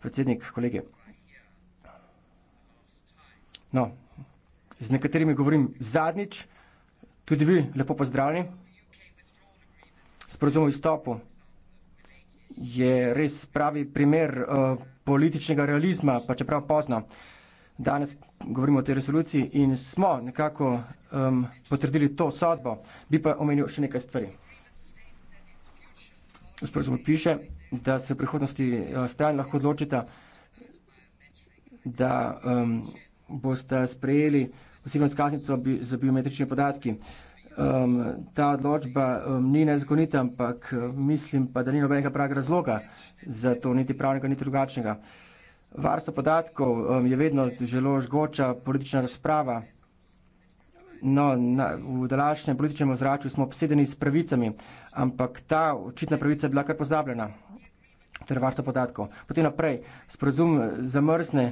predsednik kolege. No, z nekaterimi govorim zadnjič, tudi vi lepo pozdravljeni. Sporozum o izstopu je res pravi primer uh, političnega realizma, pa čeprav pozno. Danes govorimo o tej resoluciji in smo nekako um, potrdili to sodbo. Bi pa omenil še nekaj stvari. Sporozum piše, da se v prihodnosti eh, stran lahko odločita, da boste sprejeli osebno izkaznico za biometrične podatki. Ta odločba ni nezakonita, ampak eh, mislim pa, da ni nobenega pravega razloga za to, niti pravnega, niti drugačnega. Varstvo podatkov je vedno želo žgoča politična razprava. No, v dalačnem političnem ozračju smo obsedeni s pravicami, ampak ta očitna pravica je bila kar pozabljena ter varstvo podatkov. Potem naprej, sporozum zamrzne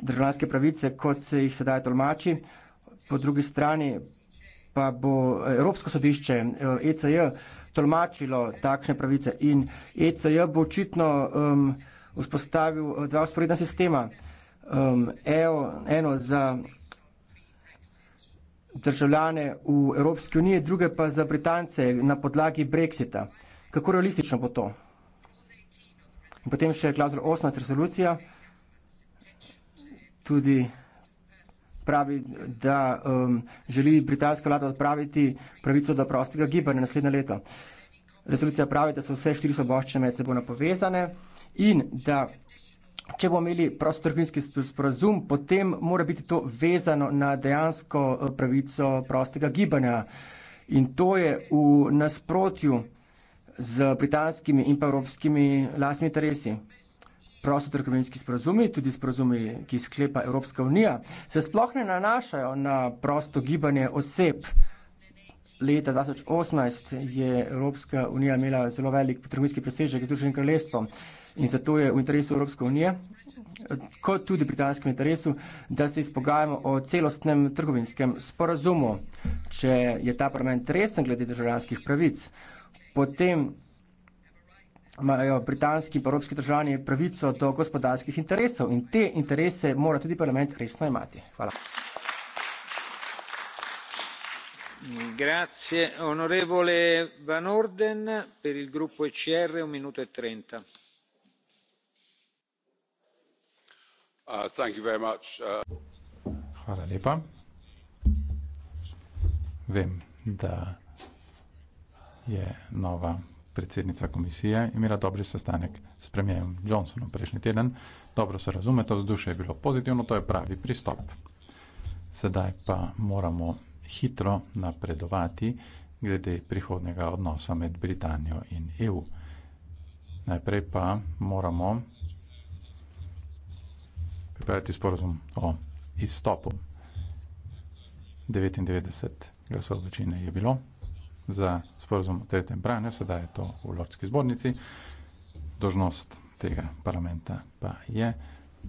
državljanske pravice, kot se jih sedaj tolmači, po drugi strani pa bo Evropsko sodišče ECJ eh, e tolmačilo takšne pravice in ECJ bo očitno um, vzpostavil eh, dva usporedna sistema. Um, EO, eno za državljane v Evropski uniji, druge pa za Britance na podlagi Brexita. Kako realistično bo to? Potem še klauzul 18 resolucija tudi pravi, da um, želi britanska vlada odpraviti pravico do prostega gibanja naslednje leto. Resolucija pravi, da so vse štiri svoboščine med seboj napovezane in da če bomo imeli prostotrgovinski sporazum, potem mora biti to vezano na dejansko uh, pravico prostega gibanja. In to je v nasprotju z britanskimi in pa evropskimi lastnimi interesi. Prostotrgovinski sporazumi, tudi sporazumi, ki sklepa Evropska unija, se sploh ne nanašajo na prosto gibanje oseb. Leta 2018 je Evropska unija imela zelo velik trgovinski presežek z Združenim kraljestvom in zato je v interesu Evropske unije, kot tudi britanskem interesu, da se izpogajamo o celostnem trgovinskem sporazumu. Če je ta parlament resen glede državljanskih pravic, potem imajo britanski in evropski državljani pravico do gospodarskih interesov in te interese mora tudi parlament resno imeti. Hvala. Grazie, onorevole Van Orden, per il gruppo ECR, un minuto e trenta. Uh, thank you very much. Uh... Hvala lepa. Vem, da je nova predsednica komisije imela dobri sestanek s premijerjem Johnsonom prejšnji teden. Dobro se razume, to vzdušje je bilo pozitivno, to je pravi pristop. Sedaj pa moramo hitro napredovati glede prihodnega odnosa med Britanijo in EU. Najprej pa moramo pripraviti sporozum o izstopu. 99 glasov večine je bilo za sporozum v tretjem branju, sedaj je to v Lordski zbornici. Dožnost tega parlamenta pa je,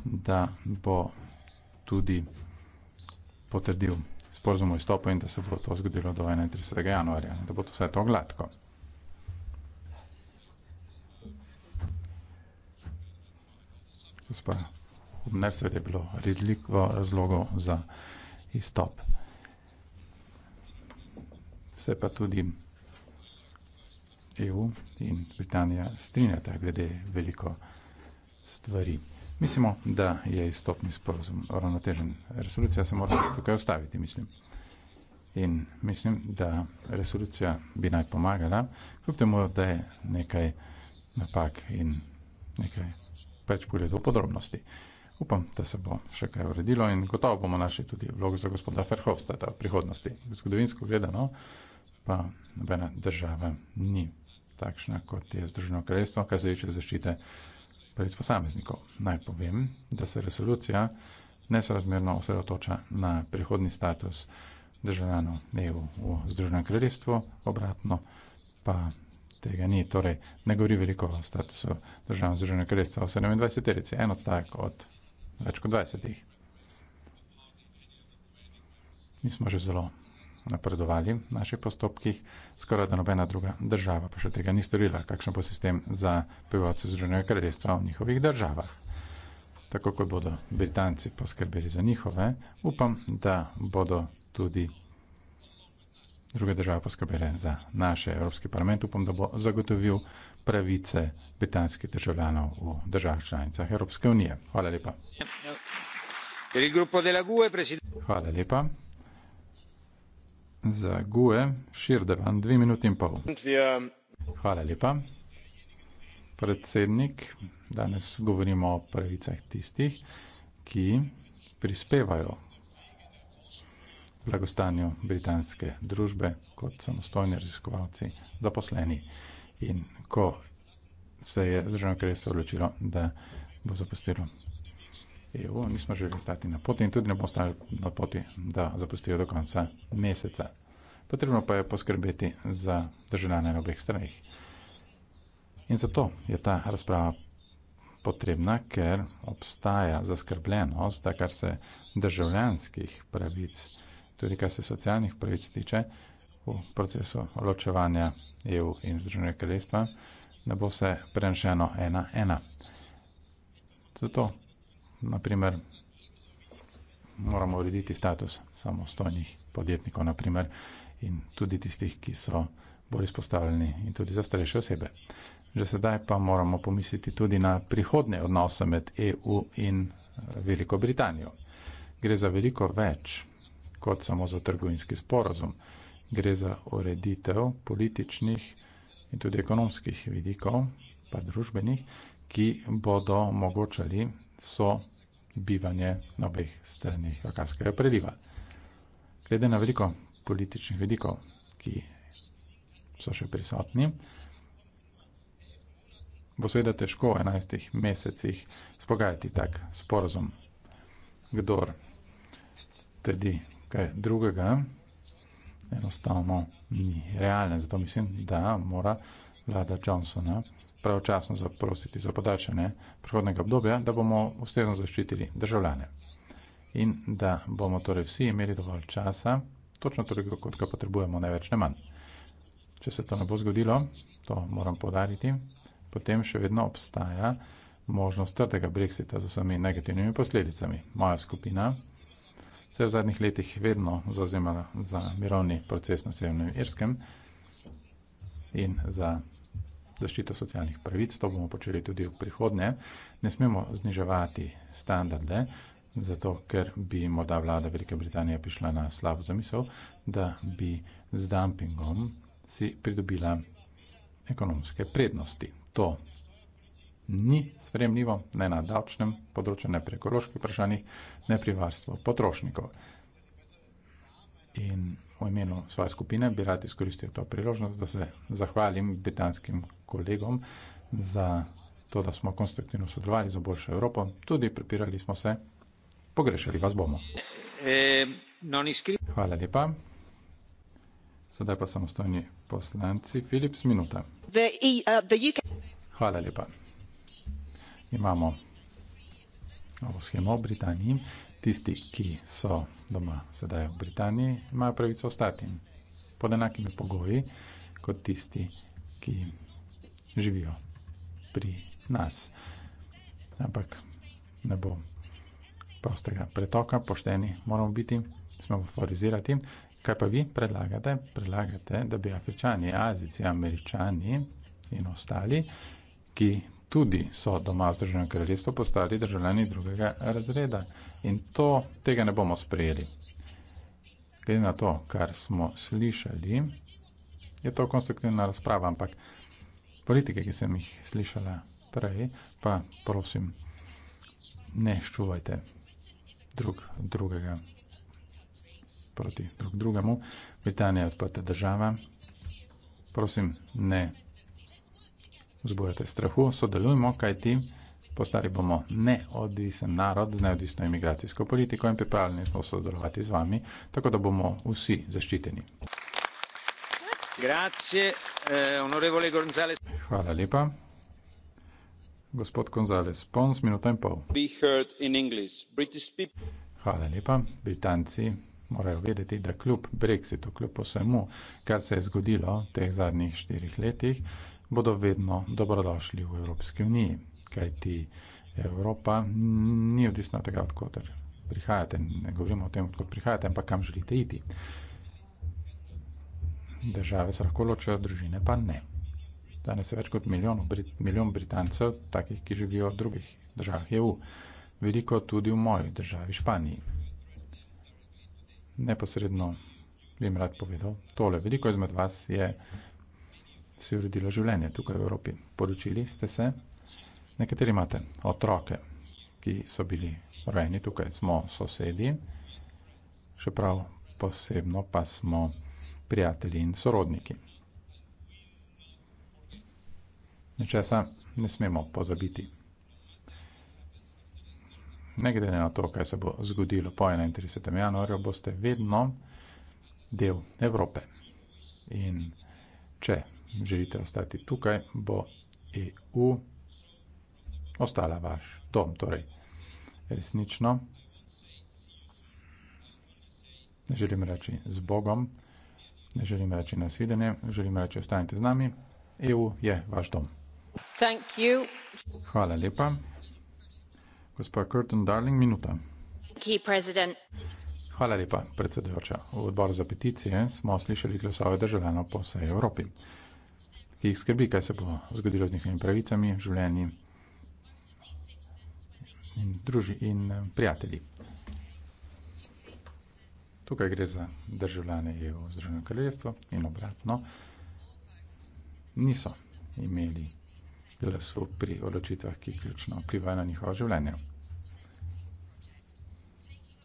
da bo tudi potrdil sporozum o izstopu in da se bo to zgodilo do 31. januarja, da bo to vse to gladko. Gospa Hubner, seveda je bilo redliko razlogov za izstop se pa tudi EU in Britanija strinjata glede veliko stvari. Mislimo, da je izstopni sporozum ravnotežen. Resolucija se mora tukaj ustaviti, mislim. In mislim, da resolucija bi naj pomagala, kljub temu, da je nekaj napak in nekaj več pogledov podrobnosti. Upam, da se bo še kaj uredilo in gotovo bomo našli tudi vlog za gospoda Ferhovstata v prihodnosti. Zgodovinsko gledano pa nobena država ni takšna, kot je Združeno kraljestvo, kar se tiče zaščite pravic posameznikov. Naj povem, da se resolucija nesorazmerno osredotoča na prihodni status državljanov EU v Združenem kraljestvu, obratno pa tega ni. Torej, ne govori veliko o statusu državljanov Združenega kraljestva v 27. terici. En odstavek od več kot 20. Mi smo že zelo napredovali v naših postopkih, skoraj da nobena druga država pa še tega ni storila, kakšen bo sistem za prebivalce Združenega kraljestva v njihovih državah. Tako kot bodo Britanci poskrbeli za njihove, upam, da bodo tudi druge države poskrbele za naše Evropski parlament. Upam, da bo zagotovil pravice britanskih državljanov v državah članicah Evropske unije. Hvala lepa. Hvala lepa. Za GUE širde vam dve minuti in pol. Hvala lepa. Predsednik, danes govorimo o pravicah tistih, ki prispevajo blagostanju britanske družbe kot samostojni raziskovalci, zaposleni. In ko se je Združeno kraljestvo odločilo, da bo zapustilo EU, nismo želeli stati na poti in tudi ne bomo stali na poti, da zapustijo do konca meseca. Potrebno pa je poskrbeti za državljane na obeh stranih. In zato je ta razprava potrebna, ker obstaja zaskrbljenost, da kar se državljanskih pravic, tudi kar se socialnih pravic tiče, v procesu ločevanja EU in Združenega kraljestva, da bo vse prenešeno ena ena. Zato, naprimer, moramo urediti status samostojnih podjetnikov, naprimer, in tudi tistih, ki so bolj izpostavljeni in tudi za starejše osebe. Že sedaj pa moramo pomisliti tudi na prihodne odnose med EU in eh, Veliko Britanijo. Gre za veliko več kot samo za trgovinski sporozum gre za ureditev političnih in tudi ekonomskih vidikov, pa družbenih, ki bodo omogočali so bivanje na obeh stranih Akavskega preliva. Glede na veliko političnih vidikov, ki so še prisotni, bo seveda težko v enajstih mesecih spogajati tak sporozum. Kdor tedi kaj drugega, enostavno ni realen. Zato mislim, da mora vlada Johnsona pravočasno zaprositi za podaljšanje prihodnega obdobja, da bomo ustrezno zaščitili državljane in da bomo torej vsi imeli dovolj časa, točno toliko, kot ga potrebujemo, ne več, ne manj. Če se to ne bo zgodilo, to moram podariti, potem še vedno obstaja možnost trdega brexita z vsemi negativnimi posledicami. Moja skupina se v zadnjih letih vedno zauzemala za mirovni proces na Severnem Irskem in za zaščito socialnih pravic. To bomo počeli tudi v prihodnje. Ne smemo zniževati standarde, zato ker bi morda vlada Velike Britanije prišla na slabo zamisel, da bi z dumpingom si pridobila ekonomske prednosti. To ni sprejemljivo, ne na davčnem področju, ne pri ekoloških vprašanjih, ne pri varstvu potrošnikov. In v imenu svoje skupine bi rad izkoristil to priložnost, da se zahvalim britanskim kolegom za to, da smo konstruktivno sodelovali za boljšo Evropo. Tudi prepirali smo se, pogrešali vas bomo. Hvala lepa. Sedaj pa samostojni poslanci Philips, minuta. E, uh, Hvala lepa imamo novo schemo v Britaniji. Tisti, ki so doma sedaj v Britaniji, imajo pravico ostati pod enakimi pogoji kot tisti, ki živijo pri nas. Ampak ne bo prostega pretoka, pošteni moramo biti, smemo favorizirati. Kaj pa vi predlagate? Predlagate, da bi Afričani, Azici, Američani in ostali, ki tudi so doma v Združenem kraljestvu postali državljani drugega razreda. In to, tega ne bomo sprejeli. Glede na to, kar smo slišali, je to konstruktivna razprava, ampak politike, ki sem jih slišala prej, pa prosim, ne ščuvajte drug drugega proti drug drugemu. Britanija je odprta država. Prosim, ne vzbujate strahu, sodelujmo, kaj ti postali bomo neodvisen narod z neodvisno imigracijsko politiko in pripravljeni smo sodelovati z vami, tako da bomo vsi zaščiteni. Eh, Hvala lepa. Gospod Gonzales Pons, minuta in pol. Hvala lepa. Britanci morajo vedeti, da kljub Brexitu, kljub vsemu, kar se je zgodilo v teh zadnjih štirih letih, bodo vedno dobrodošli v Evropski uniji, kajti Evropa ni odvisna od tega, odkot prihajate. Ne govorimo o tem, odkot prihajate, ampak kam želite iti. Države se lahko ločijo, družine pa ne. Danes je več kot milijon, Brit, milijon Britancev, takih, ki živijo v drugih državah EU. Veliko tudi v moji državi Španiji. Neposredno bi jim rad povedal tole. Veliko izmed vas je si uredila življenje tukaj v Evropi. Poročili ste se, nekateri imate otroke, ki so bili rojeni tukaj, smo sosedi, še prav posebno pa smo prijatelji in sorodniki. Nečesa ne smemo pozabiti. Ne glede na to, kaj se bo zgodilo po 31. januarju, boste vedno del Evrope. In če želite ostati tukaj, bo EU ostala vaš dom. Torej, resnično, ne želim reči z Bogom, ne želim reči nasvidenje, želim reči ostanite z nami, EU je vaš dom. Hvala lepa. Gospa Curtin Darling, minuta. Hvala lepa, predsedujoča. V odboru za peticije smo slišali glasove državljanov po vsej Evropi ki jih skrbi, kaj se bo zgodilo z njihovimi pravicami, življenji in druži in eh, prijatelji. Tukaj gre za državljane EU Združeno kraljestvo in obratno. Niso imeli glasu pri odločitvah, ki ključno vplivajo na njihovo življenje.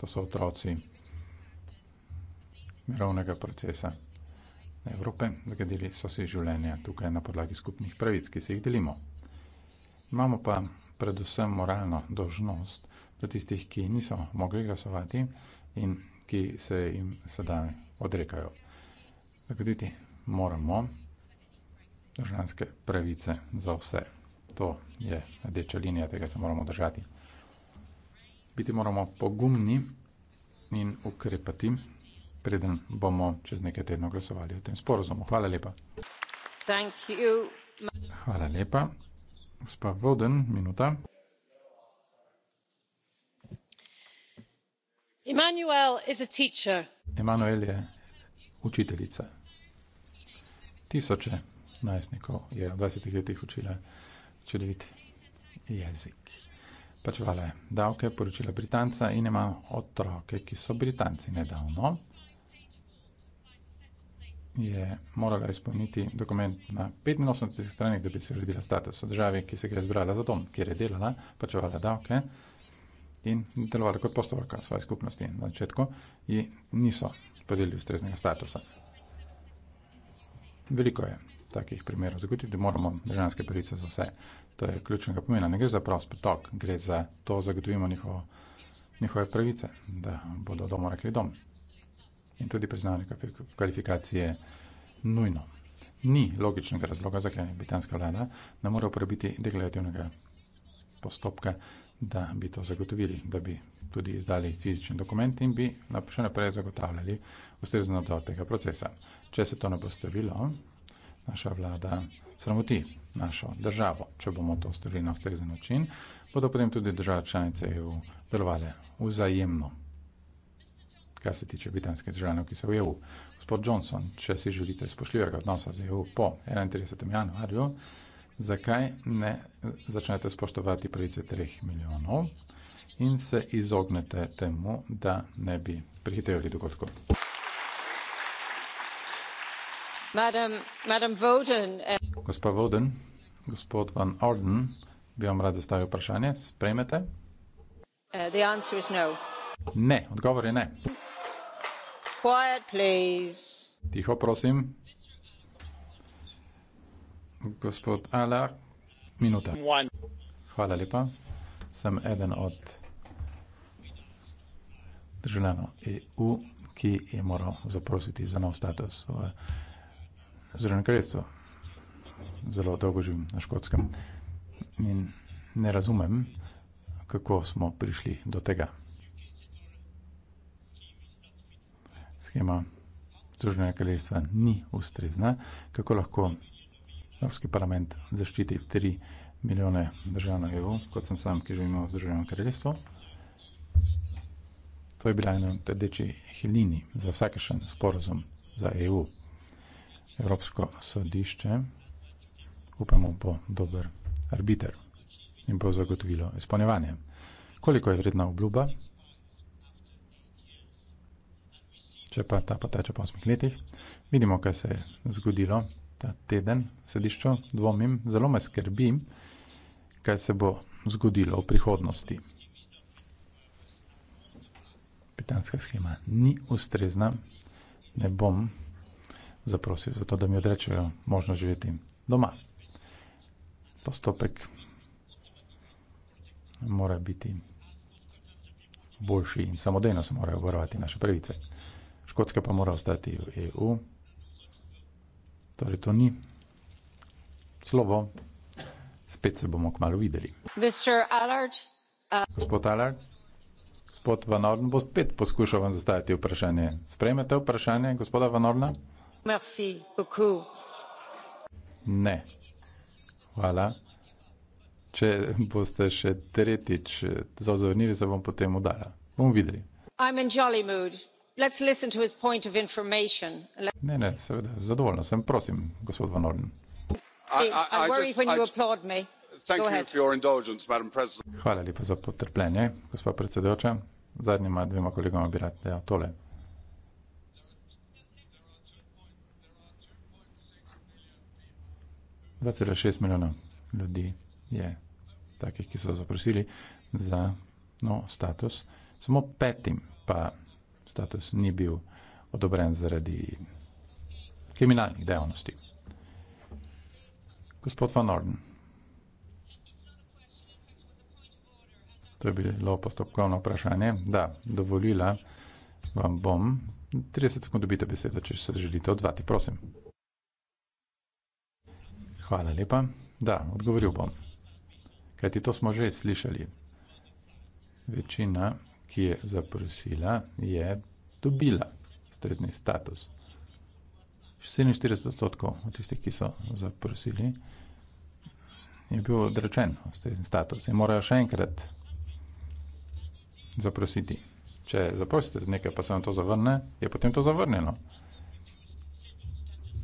To so otroci mirovnega procesa. Evrope, zgradili so si življenje tukaj na podlagi skupnih pravic, ki si jih delimo. Imamo pa predvsem moralno dožnost do tistih, ki niso mogli glasovati in ki se jim sedaj odrekajo. Zagoditi moramo državljanske pravice za vse. To je rdeča linija, tega se moramo držati. Biti moramo pogumni in ukrepati, preden bomo čez nekaj tednov glasovali o tem sporozumu. Hvala lepa. Hvala lepa. Gospa Voden, minuta. Emanuel je učiteljica. Tisoče najstnikov je v dvajsetih letih učila čudovit jezik. Plačevala je davke, poročila Britanca in ima otroke, ki so Britanci nedavno je morala izpolniti dokument na 85 stranih, da bi se uredila status v državi, ki se ga je zbrala za dom, kjer je delala, plačevala davke in delovala kot postovarka svoje skupnosti. Na začetku ji niso podelili ustreznega statusa. Veliko je takih primerov. Zagotiti moramo državljanske pravice za vse. To je ključnega pomena. Ne gre za prost potok, gre za to, da zagotovimo njihovo, njihove pravice, da bodo domov rekli dom in tudi priznanje kvalifikacije nujno. Ni logičnega razloga, zakaj britanska vlada ne more uporabiti deklarativnega postopka, da bi to zagotovili, da bi tudi izdali fizični dokument in bi še naprej zagotavljali ustrezno nadzor tega procesa. Če se to ne bo storilo, naša vlada sramoti našo državo. Če bomo to storili na ustrezen način, bodo potem tudi države članice EU delovale vzajemno kar se tiče britanske državljanov, ki so v EU. Gospod Johnson, če si želite spoštljivega odnosa z EU po 31. januarju, zakaj ne začnete spoštovati pravice 3 milijonov in se izognete temu, da ne bi prihitevali dogodkov? Eh. Gospod Voden, gospod Van Orden, bi vam rad zastavil vprašanje. Sprejmete? Uh, no. Ne, odgovor je ne. Quiet, please. Ticho, prosím. Gospod Alar, minuta. One. Hvala lepa. Sem eden od državljanov EU, ki je moral zaprositi za nov status v Združenem kraljestvu. Zelo dolgo živim na škotskem in ne razumem, kako smo prišli do tega. schema združenega kraljestva ni ustrezna, kako lahko Evropski parlament zaščiti 3 milijone državljanov EU, kot sem sam, ki živimo v združenem kraljestvu. To je bila ena od rdečih linij za vsakešen sporozum za EU. Evropsko sodišče, upamo, bo dober arbiter in bo zagotovilo izpolnjevanje. Koliko je vredna obljuba? Če pa ta poteče po 8 letih, vidimo, kaj se je zgodilo ta teden, sedišče, dvomim, zelo me skrbi, kaj se bo zgodilo v prihodnosti. Britanska schema ni ustrezna, ne bom zaprosil za to, da mi odrečejo možnost živeti doma. Postopek mora biti boljši in samodejno se morajo varovati naše pravice. Škotska pa mora ostati v EU. Torej, to ni slovo. Spet se bomo kmalo videli. Allard, uh... Gospod Allard, gospod Van Orden bo spet poskušal vam zastaviti vprašanje. Sprejmete vprašanje gospoda Van Orna? Merci beaucoup. Ne. Hvala. Če boste še tretjič eh, zauzornili, se bom potem udala. Bomo videli. I'm in jolly mood ne ne seveda zadovoljna sem prosim gospod van orden. hvala lepa za potrpljenje gospa predsedujoča zadnjima dvema kolegoma bi rad dejal tole. dva cela šest milijona ljudi je takih ki so zaprosili za no status samo petim pa status ni bil odobren zaradi kriminalnih dejavnosti. Gospod Van Orden. To je bilo postopkovno vprašanje. Da, dovolila vam bom. 30 sekund dobite besedo, če se želite odzvati, prosim. Hvala lepa. Da, odgovoril bom. Kajti to smo že slišali. Večina ki je zaprosila, je dobila strezni status. 47 odstotkov od tistih, ki so zaprosili, je bil odrečen strezni status in morajo še enkrat zaprositi. Če zaprosite za nekaj, pa se vam to zavrne, je potem to zavrnjeno.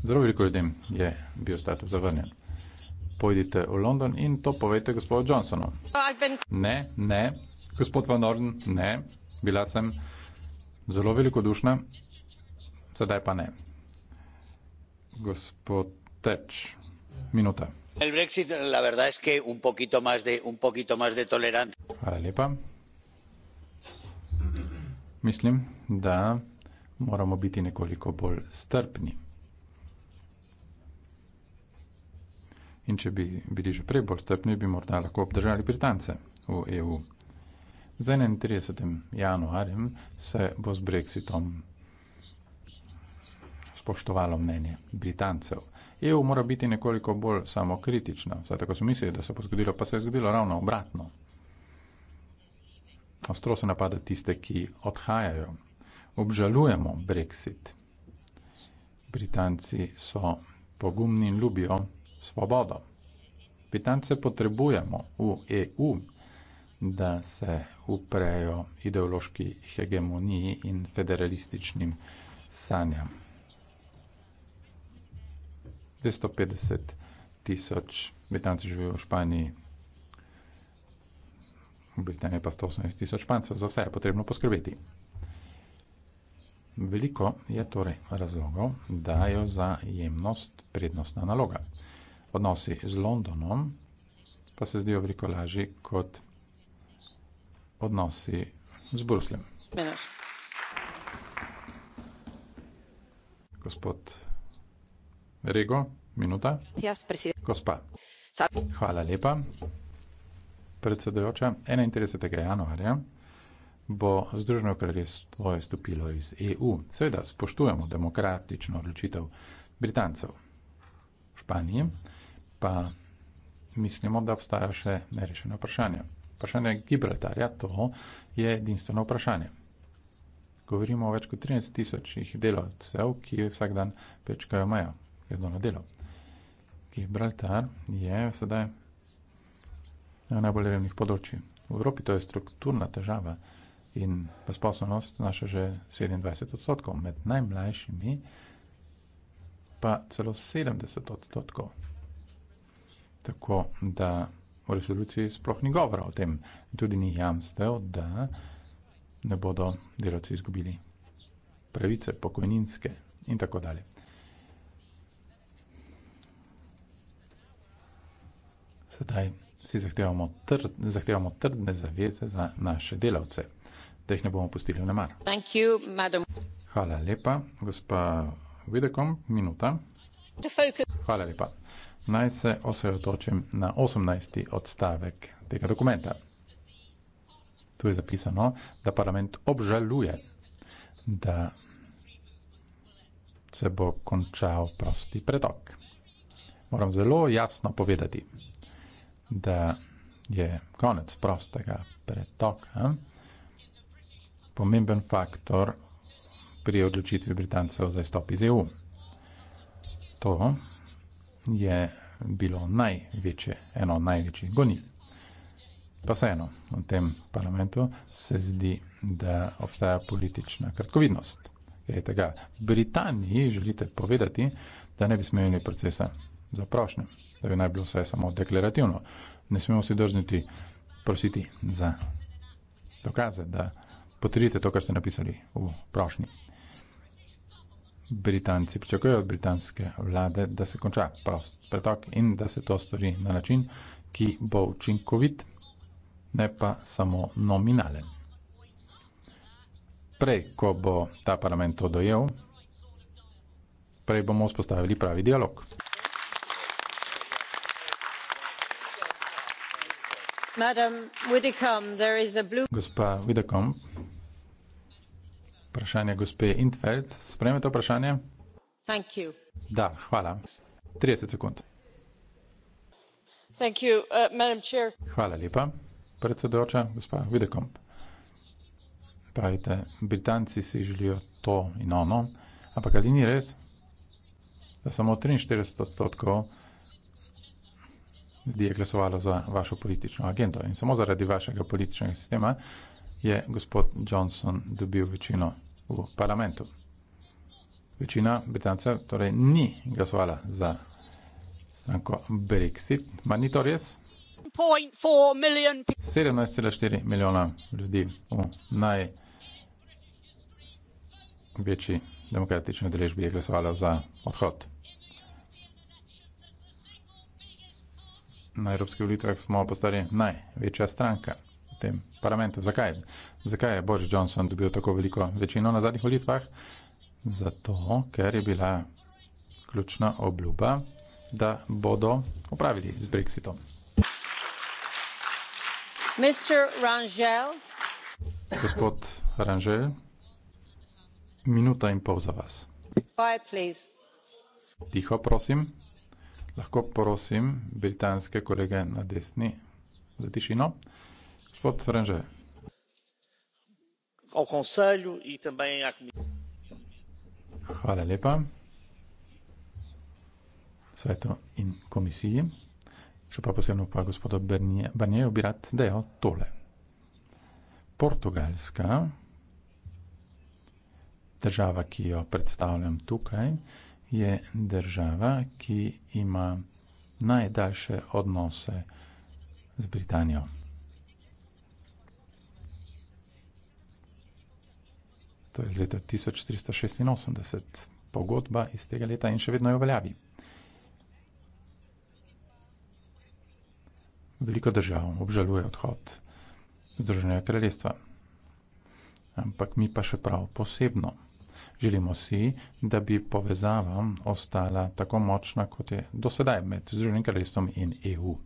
Zelo veliko ljudem je bil status zavrnjen. Pojdite v London in to povejte gospodu Johnsonu. Ne, ne, Gospod Van Orden, ne, bila sem zelo velikodušna, sedaj pa ne. Gospod Teč, minuta. El Brexit, la verdad es que un poquito más de, un poquito más de tolerancia. Hvala lepa. Mislim, da moramo biti nekoliko bolj strpni. In če bi bili že prej bolj strpni, bi morda lahko obdržali Britance v EU z 31. januarjem se bo z brexitom spoštovalo mnenje Britancev. EU mora biti nekoliko bolj samokritična, saj tako so mislili, da se bo zgodilo, pa se je zgodilo ravno obratno. Ostro se napada tiste, ki odhajajo. Obžalujemo brexit. Britanci so pogumni in ljubijo svobodo. Britance potrebujemo v EU, da se uprejo ideološki hegemoniji in federalističnim sanjam. 250 tisoč Britanci živijo v Španiji, v Britaniji pa 118 tisoč Špancev, za vse je potrebno poskrbeti. Veliko je torej razlogov, da je za jemnost prednostna naloga. Odnosi z Londonom pa se zdijo veliko lažji kot odnosi z Brusljem. Menar. Gospod Rego, minuta. Jaz, predsednik. Gospa. Sam. Hvala lepa. Predsedujoča, 31. januarja bo Združeno kraljestvo izstopilo iz EU. Seveda spoštujemo demokratično odločitev Britancev v Španiji, pa mislimo, da obstajajo še nerešene vprašanja vprašanje Gibraltarja, to je edinstveno vprašanje. Govorimo o več kot 13 tisočih delovcev, ki vsak dan prečkajo mejo, gredo na delo. Gibraltar je sedaj eno najbolj revnih področji. V Evropi to je strukturna težava in posposobnost naša že 27 odstotkov, med najmlajšimi pa celo 70 odstotkov. Tako da v resoluciji sploh ni govora o tem. Tudi ni jamstev, da ne bodo delavci izgubili pravice pokojninske in tako dalje. Sedaj si zahtevamo, trd, zahtevamo trdne zaveze za naše delavce, da jih ne bomo pustili v nemar. Thank you, madam. Hvala lepa, gospa Videkom, minuta. Hvala lepa naj se osredotočim na 18. odstavek tega dokumenta. Tu je zapisano, da parlament obžaluje, da se bo končal prosti pretok. Moram zelo jasno povedati, da je konec prostega pretoka pomemben faktor pri odločitvi Britancev za izstop iz EU. To je bilo največje, eno največjih gonic. Pa vseeno, v tem parlamentu se zdi, da obstaja politična kratkovidnost. Tega, Britaniji želite povedati, da ne bi smeli procesa za prošnje, da bi naj bilo vse samo deklarativno. Ne smemo si drzniti prositi za dokaze, da potrdite to, kar ste napisali v prošnji. Britanci pričakujejo od britanske vlade, da se konča prost pretok in da se to stori na način, ki bo učinkovit, ne pa samo nominalen. Prej, ko bo ta parlament to dojel, prej bomo vzpostavili pravi dialog. Madam Widdecombe, there is a blue... Gospa Widdecombe, Vprašanje gospe Intfeld. Sprejme to vprašanje? Da, hvala. 30 sekund. You, uh, hvala lepa, predsedoča, gospa Videkomp. Pravite, Britanci si želijo to in ono, ampak ali ni res, da samo 43 odstotkov ljudi je glasovalo za vašo politično agendo in samo zaradi vašega političnega sistema je gospod Johnson dobil večino v parlamentu. Večina britancev torej ni glasovala za stranko Brexit. Mar ni to res? 17,4 milijona ljudi v največji demokratični odrežbi je glasovalo za odhod. Na evropskih volitvah smo postali največja stranka tem parlamentu. Zakaj? Zakaj je Boris Johnson dobil tako veliko večino na zadnjih volitvah? Zato, ker je bila ključna obljuba, da bodo opravili z Brexitom. Gospod Rangel, minuta in pol za vas. Tiho, prosim. Lahko prosim britanske kolege na desni za tišino gospod renže ao conselho e também à comissão hvala lepa svetu in komisiji še pa posebno pa gospodu barnijeju bi rad dejal tole portugalska država ki jo predstavljam tukaj je država ki ima najdaljše odnose z britanijo to je iz leta 1386, pogodba iz tega leta in še vedno je v veljavi. Veliko držav obžaluje odhod Združenega kraljestva, ampak mi pa še prav posebno. Želimo si, da bi povezava ostala tako močna, kot je dosedaj med Združenim kraljestvom in EU.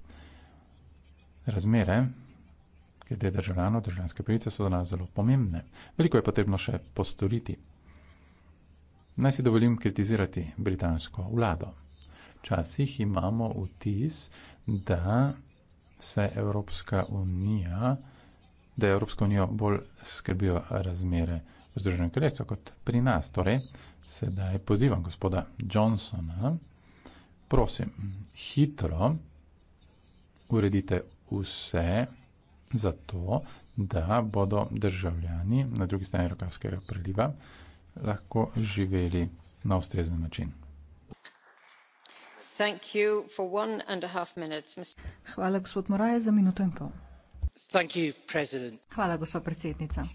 Razmere glede državljanov, državljanske pravice so danes zelo pomembne. Veliko je potrebno še postoriti. Naj si dovolim kritizirati britansko vlado. Včasih imamo vtis, da se Evropska unija, da Evropsko unijo bolj skrbijo razmere v Združenem kraljestvu kot pri nas. Torej, sedaj pozivam gospoda Johnsona, prosim, hitro uredite vse zato, da bodo državljani na drugi strani Rokavskega priliva lahko živeli na ustrezen način. Hvala, gospod Moraes, za minuto in pol. Hvala, gospa predsednica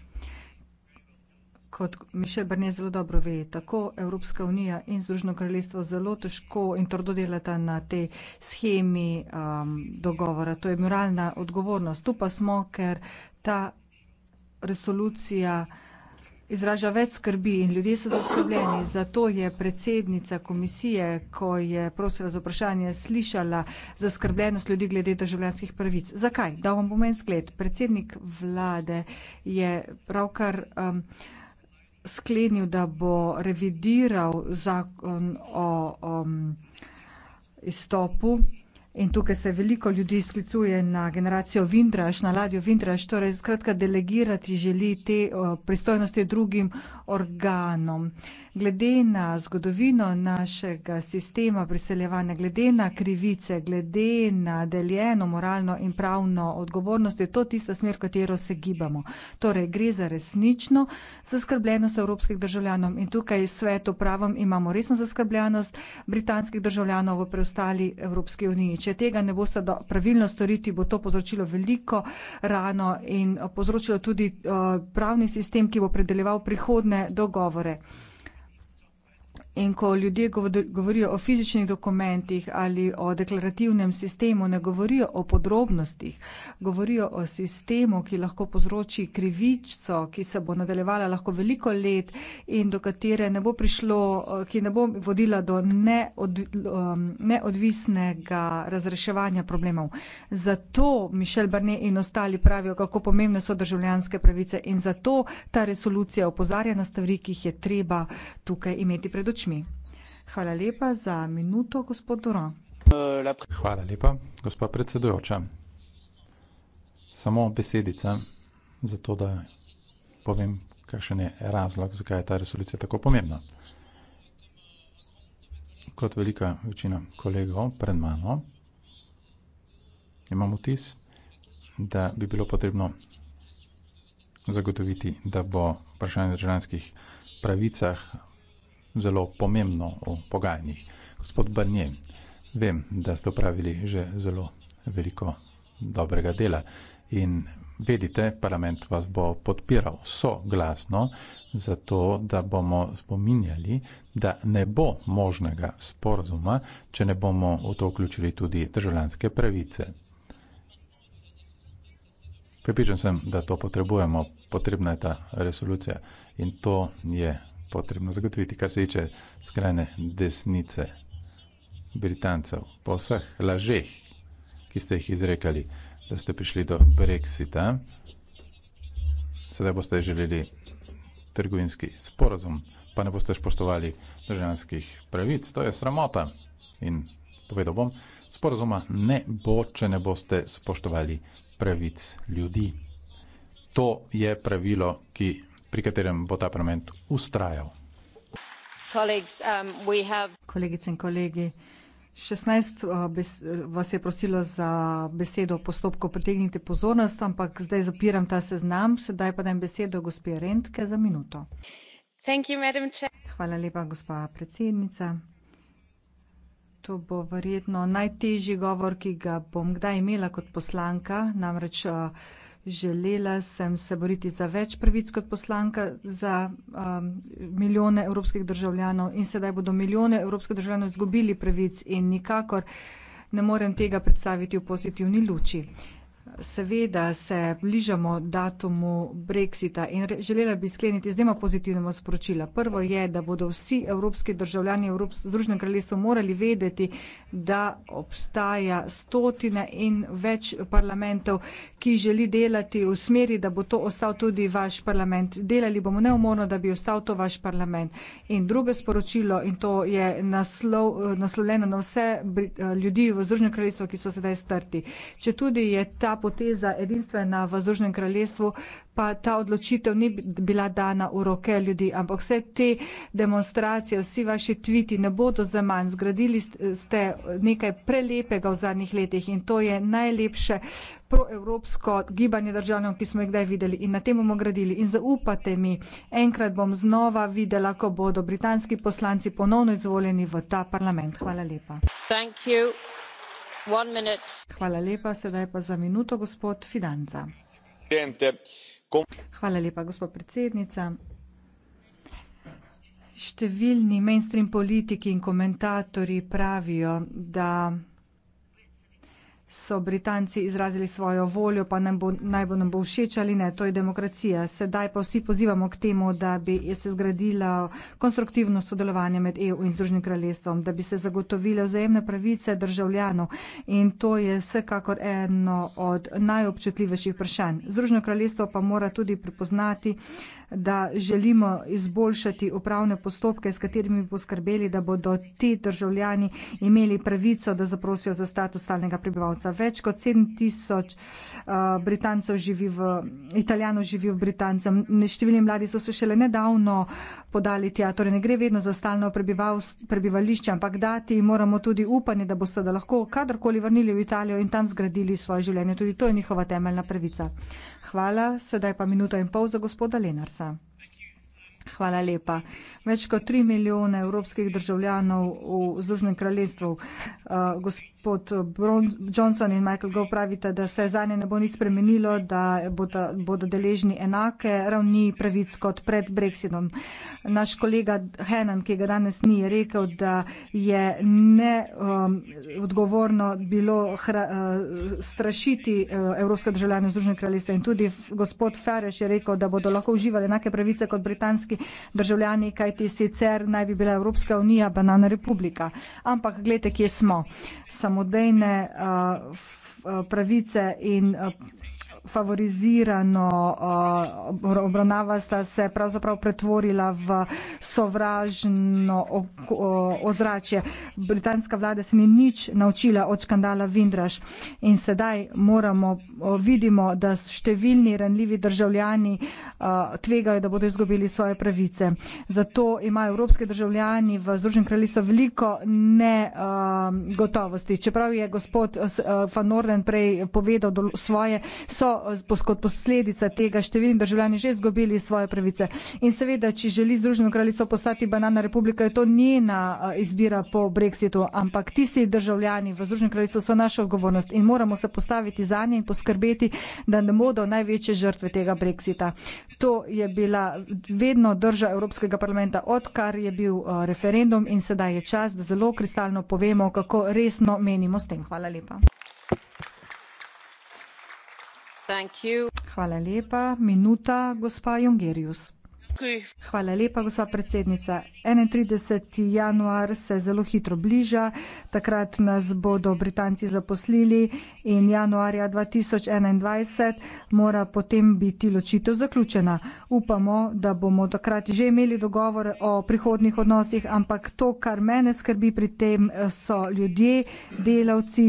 kot Mišel Brne zelo dobro ve, tako Evropska unija in Združeno kraljestvo zelo težko in trdo delata na tej schemi um, dogovora. To je moralna odgovornost. Tu pa smo, ker ta resolucija izraža več skrbi in ljudje so zaskrbljeni. Zato je predsednica komisije, ko je prosila za vprašanje, slišala zaskrbljenost ljudi glede državljanskih prvic. Zakaj? Da vam bom en skled. Predsednik vlade je pravkar. Um, sklenil, da bo revidiral zakon o um, izstopu. In tukaj se veliko ljudi sklicuje na generacijo Vindraš, na ladjo Vindraš, torej skratka delegirati želi te uh, pristojnosti drugim organom. Uh, glede na zgodovino našega sistema priseljevanja, glede na krivice, glede na deljeno moralno in pravno odgovornost, je to tista smer, v katero se gibamo. Torej, gre za resnično zaskrbljenost evropskih državljanov in tukaj svetu pravom imamo resno zaskrbljenost britanskih državljanov v preostali Evropski uniji. Če tega ne boste pravilno storiti, bo to povzročilo veliko rano in povzročilo tudi eh, pravni sistem, ki bo predeljeval prihodne dogovore. In ko ljudje govorijo o fizičnih dokumentih ali o deklarativnem sistemu, ne govorijo o podrobnostih, govorijo o sistemu, ki lahko povzroči krivico, ki se bo nadaljevala lahko veliko let in do katere ne bo prišlo, ki ne bo vodila do neod, um, neodvisnega razreševanja problemov. Zato Mišel Barne in ostali pravijo, kako pomembne so državljanske pravice in zato ta resolucija opozarja na stvari, ki jih je treba tukaj imeti pred očmi očmi. Hvala lepa za minuto, gospod Duro. Hvala lepa, gospa predsedujoča. Samo besedica, zato da povem, kakšen je razlog, zakaj je ta resolucija tako pomembna. Kot velika večina kolegov pred mano, imam vtis, da bi bilo potrebno zagotoviti, da bo vprašanje o državljanskih pravicah zelo pomembno v pogajanjih. Gospod Barnje, vem, da ste upravili že zelo veliko dobrega dela in vedite, parlament vas bo podpiral soglasno, zato da bomo spominjali, da ne bo možnega sporozuma, če ne bomo v to vključili tudi državljanske pravice. Pripričan sem, da to potrebujemo, potrebna je ta resolucija in to je potrebno zagotoviti, kar se tiče skrajne desnice Britancev, po vseh lažeh, ki ste jih izrekali, da ste prišli do Brexita, sedaj boste želeli trgovinski sporazum, pa ne boste spoštovali državljanskih pravic. To je sramota. In povedal bom, sporazuma ne bo, če ne boste spoštovali pravic ljudi. To je pravilo, ki pri katerem bo ta parlament ustrajal. Um, Kolegice in kolegi, 16 uh, vas je prosilo za besedo v postopku, pritegnite pozornost, ampak zdaj zapiram ta seznam, sedaj pa dajem besedo gospe Rentke za minuto. Hvala lepa, gospa predsednica. To bo verjetno najtežji govor, ki ga bom kdaj imela kot poslanka, namreč. Uh, Želela sem se boriti za več pravic kot poslanka, za um, milijone evropskih državljanov in sedaj bodo milijone evropskih državljanov izgubili pravic in nikakor ne morem tega predstaviti v pozitivni luči. Seveda se bližamo datumu Brexita in želela bi skleniti z dvema pozitivnima sporočila. Prvo je, da bodo vsi evropski državljani Evrops Združenem kraljestvu morali vedeti, da obstaja stotine in več parlamentov, ki želi delati v smeri, da bo to ostal tudi vaš parlament. Delali bomo neumorno, da bi ostal to vaš parlament. In drugo sporočilo, in to je naslov, naslovljeno na vse ljudi v Združenem kraljestvu, ki so sedaj strti. Če tudi je ta poteza edinstvena v Združenem kraljestvu, pa ta odločitev ni bila dana v roke ljudi. Ampak vse te demonstracije, vsi vaši tviti ne bodo za manj. Zgradili ste nekaj prelepega v zadnjih letih in to je najlepše proevropsko gibanje državljanov, ki smo jih kdaj videli in na tem bomo gradili. In zaupate mi, enkrat bom znova videla, ko bodo britanski poslanci ponovno izvoljeni v ta parlament. Hvala lepa. Thank you. Hvala lepa. Sedaj pa za minuto gospod Fidanza. Hvala lepa, gospa predsednica. Številni mainstream politiki in komentatorji pravijo, da so Britanci izrazili svojo voljo, pa bo, naj bo nam bo všeč ali ne, to je demokracija. Sedaj pa vsi pozivamo k temu, da bi se zgradila konstruktivno sodelovanje med EU in Združenim kraljestvom, da bi se zagotovile vzajemne pravice državljanov in to je vsekakor eno od najobčutljivejših vprašanj. Združeno kraljestvo pa mora tudi prepoznati, da želimo izboljšati upravne postopke, s katerimi bi poskrbeli, da bodo ti državljani imeli pravico, da zaprosijo za status stalnega prebivalca prebivalca. Več kot 7000 uh, eh, Britancev živi v, Italijanov živi v Britancem. Neštevilni mladi so se šele nedavno podali tja, torej ne gre vedno za stalno prebivališče, ampak dati moramo tudi upanje, da bo se da lahko kadarkoli vrnili v Italijo in tam zgradili svoje življenje. Tudi to je njihova temeljna pravica. Hvala, sedaj pa minuta in pol za gospoda Lenarsa. Hvala lepa. Več kot 3 milijone evropskih državljanov v Združenem kraljestvu. Uh, eh, gosp pod Bronz, Johnson in Michael Gove pravite, da se zanje ne bo nič spremenilo, da bodo, bodo deležni enake ravni pravic kot pred Brexitom. Naš kolega Henan, ki ga danes ni, je rekel, da je neodgovorno um, bilo hra, uh, strašiti uh, Evropska državljana iz Združenih kraljestva in tudi gospod Fereš je rekel, da bodo lahko uživali enake pravice kot britanski državljani, kajti sicer naj bi bila Evropska unija banana republika. Ampak gledajte, kje smo. Sam samodejne uh, f, uh, pravice in uh, favorizirano eh, obravnava sta se pravzaprav pretvorila v sovražno eh, ozračje. Britanska vlada se ni nič naučila od škandala Vindraš in sedaj moramo, eh, vidimo, da številni ranljivi državljani tvegajo, da bodo izgubili svoje pravice. Zato imajo evropske državljani v Združenem kraljestvu veliko negotovosti. Čeprav je gospod Van Orden prej povedal svoje, so kot posledica tega številni državljani že izgubili svoje pravice. In seveda, če želi Združeno kraljico postati banana republika, je to njena izbira po brexitu, ampak tisti državljani v Združenem kraljestvu so naša odgovornost in moramo se postaviti za nje in poskrbeti, da ne bodo največje žrtve tega brexita. To je bila vedno drža Evropskega parlamenta, odkar je bil referendum in sedaj je čas, da zelo kristalno povemo, kako resno menimo s tem. Hvala lepa. Hvala lepa. Minuta, gospa Jungerius. Hvala lepa, gospa predsednica. 31. januar se zelo hitro bliža, takrat nas bodo Britanci zaposlili in januarja 2021 mora potem biti ločitev zaključena. Upamo, da bomo takrat že imeli dogovor o prihodnih odnosih, ampak to, kar mene skrbi pri tem, so ljudje, delavci,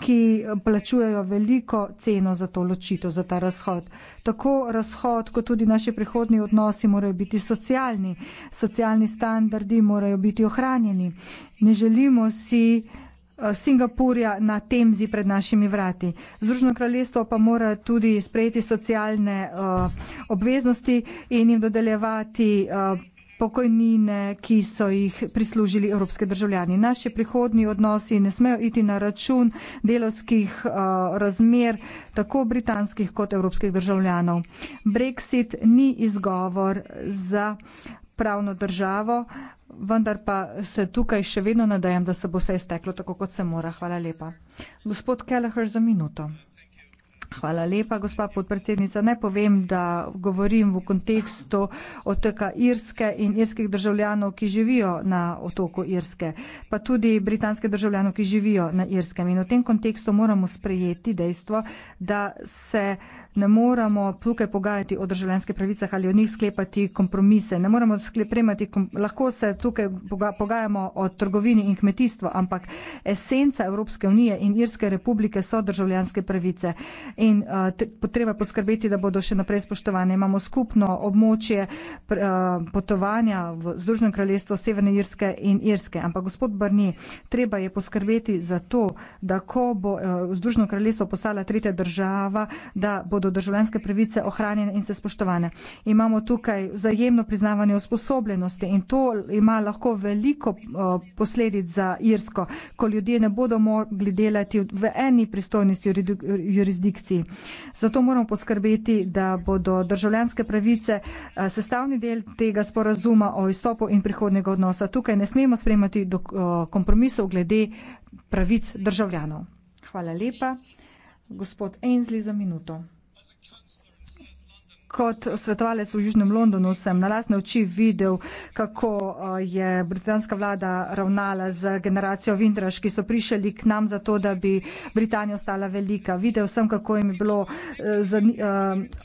ki plačujejo veliko ceno za to ločitev, za ta razhod. Tako razhod, kot tudi naše prihodnje odnosi, morajo biti socialni, socialni standardi morajo biti ohranjeni. Ne želimo si eh, Singapurja na temzi pred našimi vrati. Združno kraljestvo pa mora tudi sprejeti socialne uh, obveznosti in jim dodeljevati uh, pokojnine, ki so jih prislužili evropske državljani. Naši prihodni odnosi ne smejo iti na račun delovskih uh, razmer tako britanskih kot evropskih državljanov. Brexit ni izgovor za pravno državo, vendar pa se tukaj še vedno nadajam, da se bo vse izteklo tako, kot se mora. Hvala lepa. Gospod Kelleher za minuto. Hvala lepa, gospa podpredsednica. Ne povem, da govorim v kontekstu otoka Irske in irskih državljanov, ki živijo na otoku Irske, pa tudi britanske državljanov, ki živijo na Irskem. In v tem kontekstu moramo sprejeti dejstvo, da se ne moramo tukaj pogajati o državljanskih pravicah ali o njih sklepati kompromise. Ne moramo sklepati, lahko se tukaj pogajamo o trgovini in kmetijstvu, ampak esenca Evropske unije in Irske republike so državljanske pravice in uh, potreba poskrbeti, da bodo še naprej spoštovane. Imamo skupno območje uh, potovanja v Združenem kraljestvu Severne Irske in Irske. Ampak gospod Barni, treba je poskrbeti za to, da ko bo uh, Združeno kraljestvo postala tretja država, da bodo državljanske pravice ohranjene in se spoštovane. Imamo tukaj vzajemno priznavanje usposobljenosti in to ima lahko veliko posledic za Irsko, ko ljudje ne bodo mogli delati v eni pristojnosti jurisdikcije pravici. Zato moramo poskrbeti, da bodo državljanske pravice eh, sestavni del tega sporazuma o izstopu in prihodnega odnosa. Tukaj ne smemo spremati do eh, kompromisov glede pravic državljanov. Hvala lepa. Gospod Ainsley za minuto. Kot svetovalec v Južnem Londonu sem na lastne oči videl, kako eh, je britanska vlada ravnala z generacijo Vindraš, ki so prišeli k nam zato, da bi Britanija ostala velika. Videl sem, kako jim je bilo eh, zani, eh,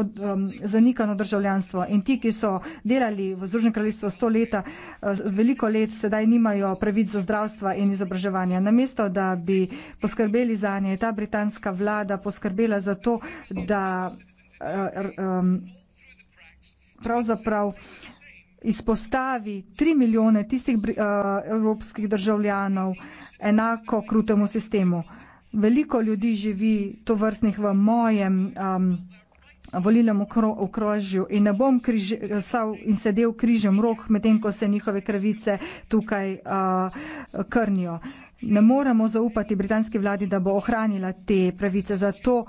od, zanikano državljanstvo. In ti, ki so delali v Združenem kraljestvu 100 leta, veliko let sedaj nimajo pravic za zdravstva in izobraževanja. Namesto, da bi poskrbeli za nje, je ta britanska vlada poskrbela za to, da pravzaprav izpostavi tri milijone tistih eh, evropskih državljanov enako krutemu sistemu. Veliko ljudi živi to vrstnih v mojem volilnem okrožju in ne bom stal in sedel križem rok, medtem ko se njihove krvice tukaj eh, krnijo ne moremo zaupati britanski vladi, da bo ohranila te pravice. Zato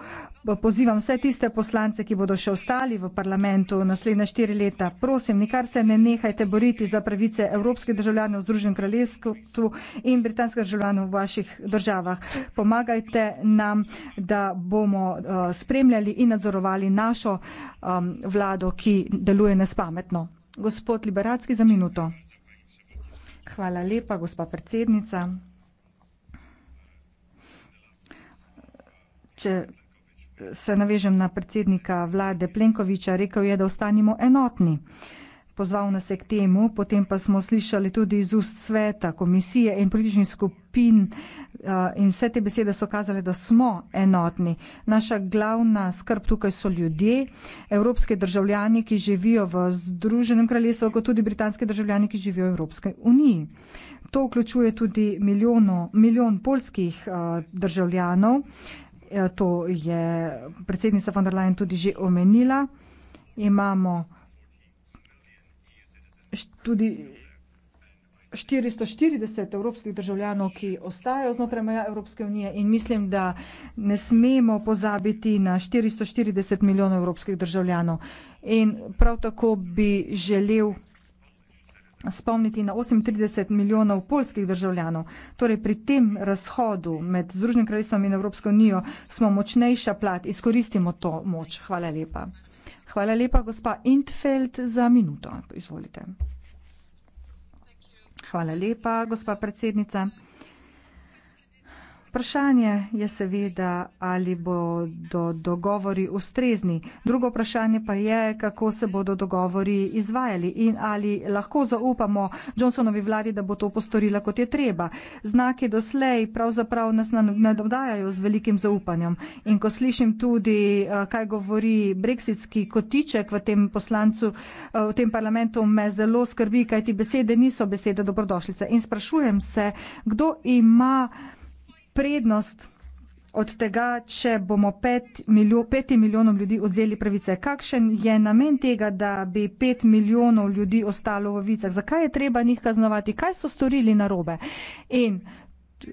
pozivam vse tiste poslance, ki bodo še ostali v parlamentu naslednja štiri leta. Prosim, nikar se ne nehajte boriti za pravice evropskih državljanov v Združenem kraljestvu in britanskih državljanov v vaših državah. Pomagajte nam, da bomo eh, spremljali in nadzorovali našo um, vlado, ki deluje nespametno. Gospod Liberacki za minuto. Hvala lepa, gospa predsednica. če se navežem na predsednika vlade Plenkoviča, rekel je, da ostanimo enotni. Pozval nas je k temu, potem pa smo slišali tudi iz ust sveta, komisije in političnih skupin eh, in vse te besede so kazale, da smo enotni. Naša glavna skrb tukaj so ljudje, evropske državljani, ki živijo v Združenem kraljestvu, kot tudi britanske državljani, ki živijo v Evropske uniji. To vključuje tudi milijon polskih eh, državljanov, Ja, to je predsednica von der Leyen tudi že omenila. Imamo tudi 440 evropskih državljanov, ki ostajajo znotraj meja Evropske unije in mislim, da ne smemo pozabiti na 440 milijonov evropskih državljanov. In prav tako bi želel spomniti na 38 milijonov polskih državljanov. Torej pri tem razhodu med Združenim kraljestvom in Evropsko unijo smo močnejša plat, izkoristimo to moč. Hvala lepa. Hvala lepa, gospa Intfeld, za minuto. Izvolite. Hvala lepa, gospa predsednica vprašanje je seveda, ali bodo dogovori ustrezni. Drugo vprašanje pa je, kako se bodo dogovori izvajali in ali lahko zaupamo Johnsonovi vladi, da bo to postorila, kot je treba. Znaki doslej pravzaprav nas nadodajajo z velikim zaupanjem. In ko slišim tudi, eh, kaj govori breksitski kotiček v tem poslancu, eh, v tem parlamentu, me zelo skrbi, kaj ti besede niso besede dobrodošlice. In sprašujem se, kdo ima prednost od tega, če bomo pet milijo, peti milijonom ljudi odzeli pravice? Kakšen je namen tega, da bi pet milijonov ljudi ostalo v vicah? Zakaj je treba njih kaznovati? Kaj so storili narobe? In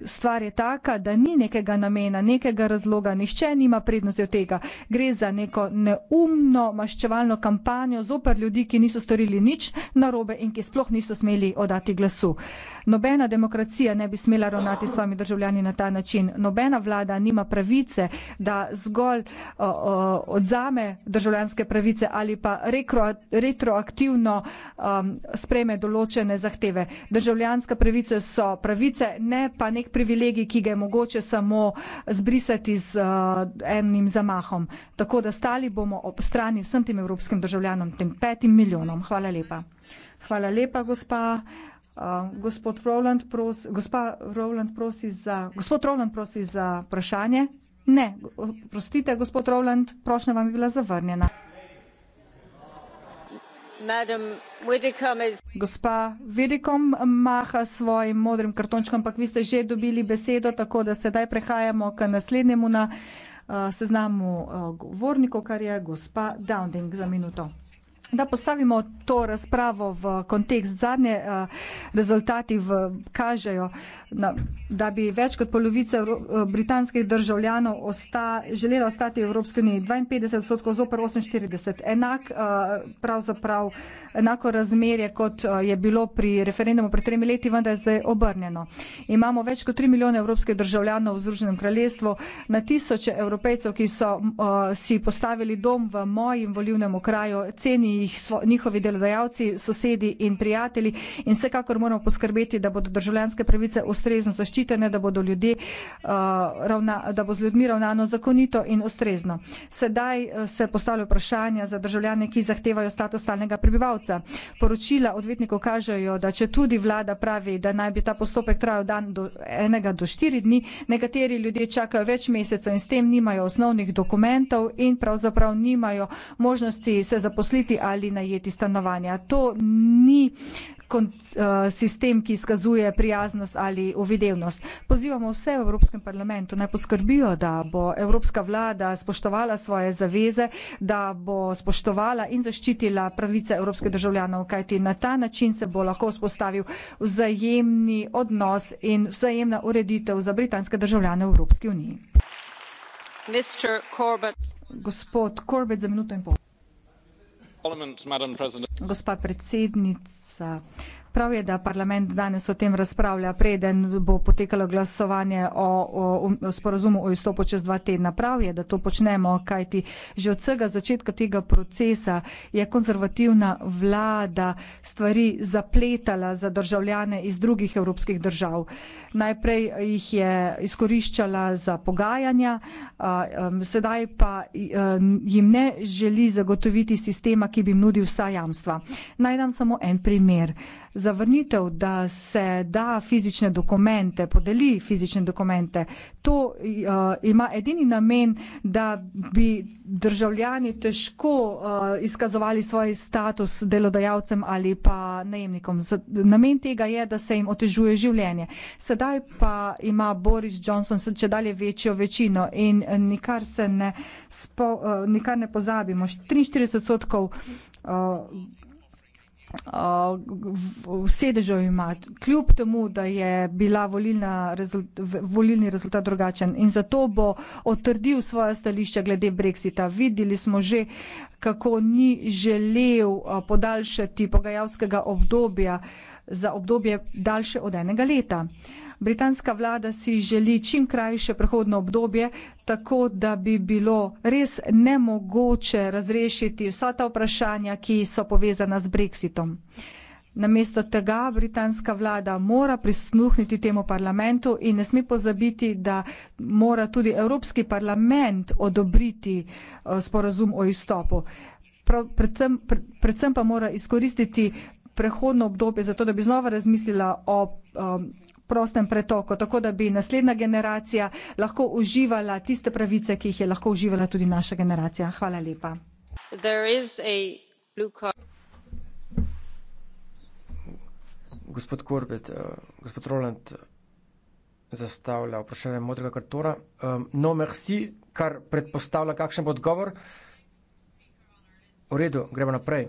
stvar je taka, da ni nekega namena, nekega razloga, nišče nima prednosti od tega. Gre za neko neumno maščevalno kampanjo zoper ljudi, ki niso storili nič narobe in ki sploh niso smeli odati glasu. Uh, Nobena demokracija ne bi smela ravnati s svojimi državljani na ta način. Nobena vlada nima pravice, da zgolj o, o, odzame državljanske pravice ali pa rekro, retroaktivno um, spreme določene zahteve. Državljanske pravice so pravice, ne pa nek privilegij, ki ga je mogoče samo zbrisati z uh, enim zamahom. Tako da stali bomo ob strani vsem tem evropskim državljanom, tem petim milijonom. Hvala lepa. Hvala lepa, gospa. Uh, gospod Rowland prosi, gospa Rowland prosi za, gospod Rowland prosi za vprašanje. Ne, prostite, gospod Rowland, prošnja vam je bila zavrnjena. Gospa Vidikom maha svojim modrim kartončkom, ampak vi ste že dobili besedo, tako da sedaj prehajamo k naslednjemu na uh, seznamu uh, govornikov, kar je gospa Downing za minuto da postavimo to razpravo v kontekst. Zadnje eh, rezultati v, kažejo, na, da bi več kot polovica eh, britanskih državljanov osta, želela ostati v Evropski uniji. 52 odstotkov zoper 48. Enak, eh, pravzaprav enako razmerje, kot je bilo pri referendumu pred tremi leti, vendar je zdaj obrnjeno. Imamo več kot 3 milijone evropskih državljanov v Združenem kraljestvu, na tisoče evropejcev, ki so uh, si postavili dom v mojem volivnem okraju, ceni jih njihovi delodajalci, sosedi in prijatelji in vsekakor moramo poskrbeti, da bodo državljanske pravice ustrezno zaščitene, da bodo ljudje, uh, da bo z ljudmi ravnano zakonito in ustrezno. Sedaj uh, se postavljajo vprašanja za državljane, ki zahtevajo status stalnega prebivalca. Poročila odvetnikov kažejo, da če tudi vlada pravi, da naj bi ta postopek trajal dan do enega do štiri dni, nekateri ljudje čakajo več mesecev in s tem nimajo osnovnih dokumentov in pravzaprav nimajo možnosti se zaposliti ali najeti stanovanja. To ni eh, sistem, ki izkazuje prijaznost ali uvidevnost. Pozivamo vse v Evropskem parlamentu, naj poskrbijo, da bo Evropska vlada spoštovala svoje zaveze, da bo spoštovala in zaščitila pravice evropskih državljanov, kajti na ta način se bo lahko spostavil vzajemni odnos in vzajemna ureditev za britanske državljane v Evropski uniji. Gospod Corbett, za minuto in pol gospa predsednica prav je da parlament danes o tem razpravlja preden bo potekalo glasovanje o sporazumu o izstopu čez dva tedna prav je da to počnemo kajti že od vsega začetka tega procesa je konservativna vlada stvari zapletala za državljane iz drugih evropskih držav najprej jih je izkoriščala za pogajanja sedaj pa jim ne želi zagotoviti sistema ki bi jim nudil vsa jamstva naj dam samo en primer zavrnitev, da se da fizične dokumente, podeli fizične dokumente, to uh, ima edini namen, da bi državljani težko uh, izkazovali svoj status delodajalcem ali pa najemnikom. Namen tega je, da se jim otežuje življenje. Sedaj pa ima Boris Johnson če dalje večjo večino in eh, nikar se ne, spo, uh, nikar ne pozabimo. 43 odstotkov uh, v sedežev ima, kljub temu, da je bila volilna rezult, volilni rezultat drugačen in zato bo otrdil svoje stališče glede Brexita. Videli smo že, kako ni želel podaljšati pogajalskega obdobja za obdobje daljše od enega leta. Uh, Britanska vlada si želi čim krajše prehodno obdobje, tako da bi bilo res nemogoče razrešiti vsa ta vprašanja, ki so povezana z Brexitom. Namesto tega britanska vlada mora prisluhniti temu parlamentu in ne sme pozabiti, da mora tudi Evropski parlament odobriti eh, sporazum o izstopu. Predvsem, predvsem pa mora izkoristiti prehodno obdobje, zato da bi znova razmislila o, eh, prostem pretoku, tako da bi naslednja generacija lahko uživala tiste pravice, ki jih je lahko uživala tudi naša generacija. Hvala lepa. Gospod Corbett, eh, gospod Roland eh, zastavlja vprašanje modrega kartona. No, merci, kar predpostavlja, kakšen bo odgovor. V redu, gremo naprej.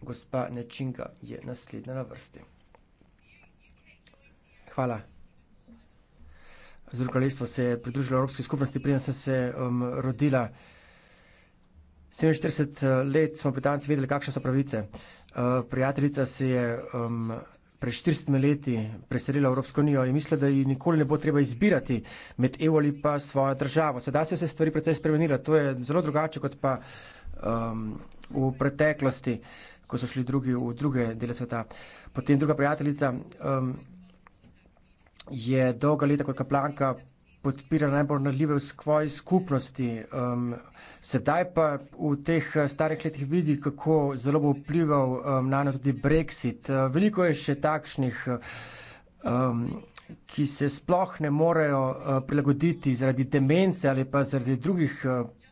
Gospa Nečinga je naslednja na vrsti. Hvala. Združeno kraljestvo se je pridružilo Evropski skupnosti, prije sem se um, rodila. 47 eh, let smo Britanci vedeli, kakšne so pravice. Uh, prijateljica se je um, pred 400 leti preselila v Evropsko unijo in mislila, da ji nikoli ne bo treba izbirati med EU ali pa svojo državo. Sedaj so se stvari precej spremenile, to je zelo drugače kot pa um, v preteklosti, ko so šli drugi v druge dele sveta. Potem druga prijateljica. Um, je dolga leta kot kaplanka podpira najbolj nadljive v svoji skupnosti. Um, sedaj pa v teh eh, starih letih vidi, kako zelo bo vplival um, na njo tudi Brexit. Uh, veliko je še takšnih, um, ki se sploh ne morejo uh, prilagoditi zaradi demence ali pa zaradi drugih uh,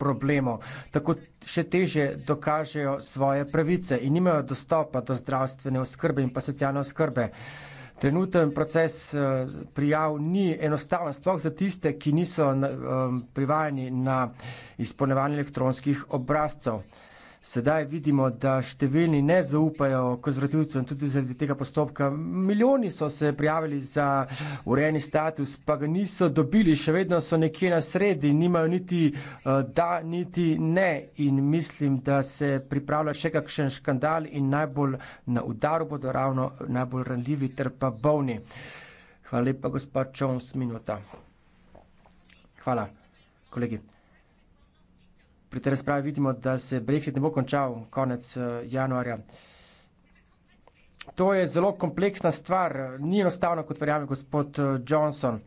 problemov. Tako še teže dokažejo svoje pravice in nimajo dostopa do zdravstvene oskrbe in pa socialne oskrbe. Uh, Trenuten proces eh, prijav ni enostaven, sploh za tiste, ki niso eh, privajeni na izpolnjevanje elektronskih obrazcev. Sedaj vidimo, da številni ne zaupajo konzervativcem tudi zaradi tega postopka. Milijoni so se prijavili za urejeni status, pa ga niso dobili, še vedno so nekje na sredi, nimajo niti uh, da, niti ne. In mislim, da se pripravlja še kakšen škandal in najbolj na udaru bodo ravno najbolj ranljivi ter pa bolni. Hvala lepa, gospod Čovns, minuta. Hvala, kolegi pri tej razpravi vidimo, da se brexit ne bo končal konec eh, januarja. To je zelo kompleksna stvar, ni enostavno, kot verjame gospod eh, Johnson.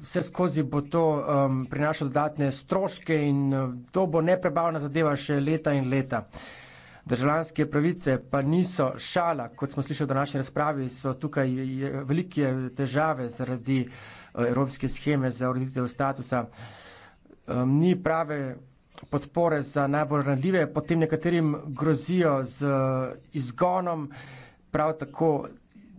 Vse skozi bo to um, prinašalo dodatne stroške in eh, to bo neprebavna zadeva še leta in leta. Državljanske pravice pa niso šala, kot smo slišali v današnji razpravi, so tukaj velike težave zaradi evropske scheme za ureditev statusa. Uh, um, ni prave podpore za najbolj ranljive, potem nekaterim grozijo z eh, izgonom, prav tako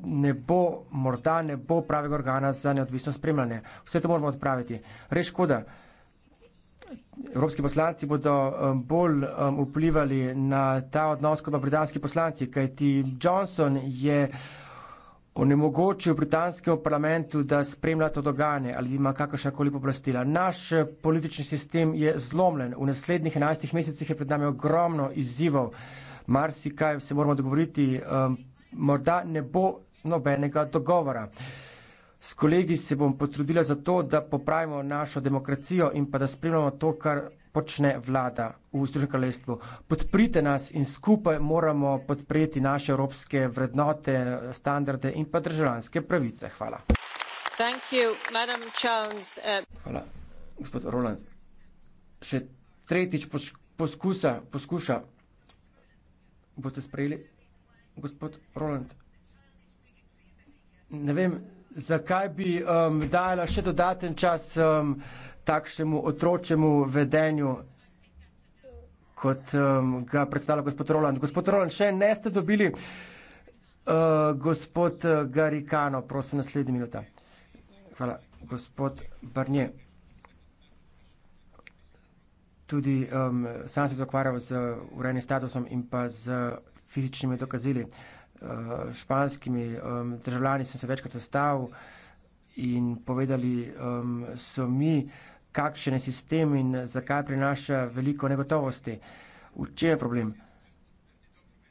ne bo, morda ne bo pravega organa za neodvisno spremljanje. Vse to moramo odpraviti. Res škoda. Evropski poslanci bodo bolj vplivali na ta odnos kot pa britanski poslanci, kajti Johnson je onemogočil britanskemu parlamentu, da spremlja to dogajanje ali ima kakršna koli poblastila. Naš eh, politični sistem je zlomljen. V naslednjih enajstih mesecih je pred nami ogromno izzivov. Marsikaj se moramo dogovoriti, um, morda ne bo nobenega dogovora. S kolegi se bom potrudila za to, da popravimo našo demokracijo in pa da spremljamo to, kar počne vlada v Združenem kraljestvu. Podprite nas in skupaj moramo podpreti naše evropske vrednote, standarde in pa državljanske pravice. Hvala. You, Jones, uh... Hvala, gospod Roland. Še tretjič poskusa, poskuša. Boste sprejeli, gospod Roland? Ne vem, zakaj bi um, dajala še dodaten čas. Um, takšnemu otročemu vedenju, kot um, ga predstavlja gospod Roland. Gospod Roland, še ne ste dobili, uh, gospod Garikano, prosim, naslednji minuta. Hvala, gospod Barnje. Tudi um, sam se zakvarjal z urejenim statusom in pa z fizičnimi dokazili. Uh, španskimi um, državljani sem se večkrat sestavil in povedali um, so mi, uh, kakšen je sistem in zakaj prinaša veliko negotovosti. V čem je problem?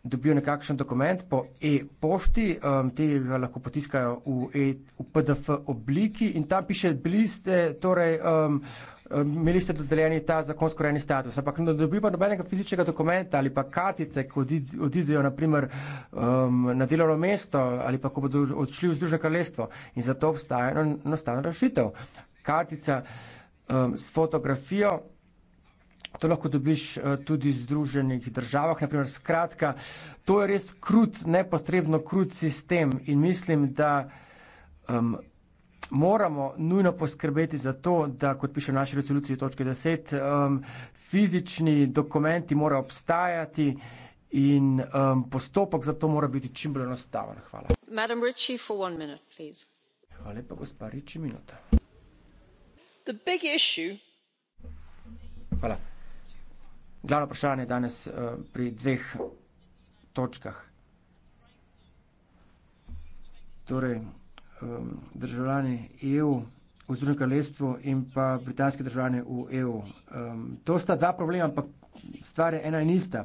Dobijo nekakšen dokument po e-pošti, um, te ga lahko potiskajo v, e v PDF obliki in tam piše, bili ste, torej, um, um imeli ste dodeljeni ta zakonsko rejeni status, ampak ne dobijo pa nobenega fizičnega dokumenta ali pa kartice, ko odidejo naprimer um, na delovno mesto ali pa ko bodo odšli v Združeno kraljestvo in zato obstaja enostavna rešitev. Kartica. Um, s fotografijo. To lahko dobiš uh, tudi v Združenih državah, naprimer. Skratka, to je res krut, nepotrebno krut sistem in mislim, da um, moramo nujno poskrbeti za to, da, kot piše v naši resoluciji, točke 10, um, fizični dokumenti morajo obstajati in um, postopek za to mora biti čim bolj enostaven. Hvala. Hvala lepa, gospa Riči, minuta the big issue Hvala. Glavno vprašanje danes eh, pri dveh točkah. Torej, ehm, državljani EU v Združenem kraljestvu in pa britanski državljani v EU. Ehm, to sta dva problema, ampak stvar je ena in ista.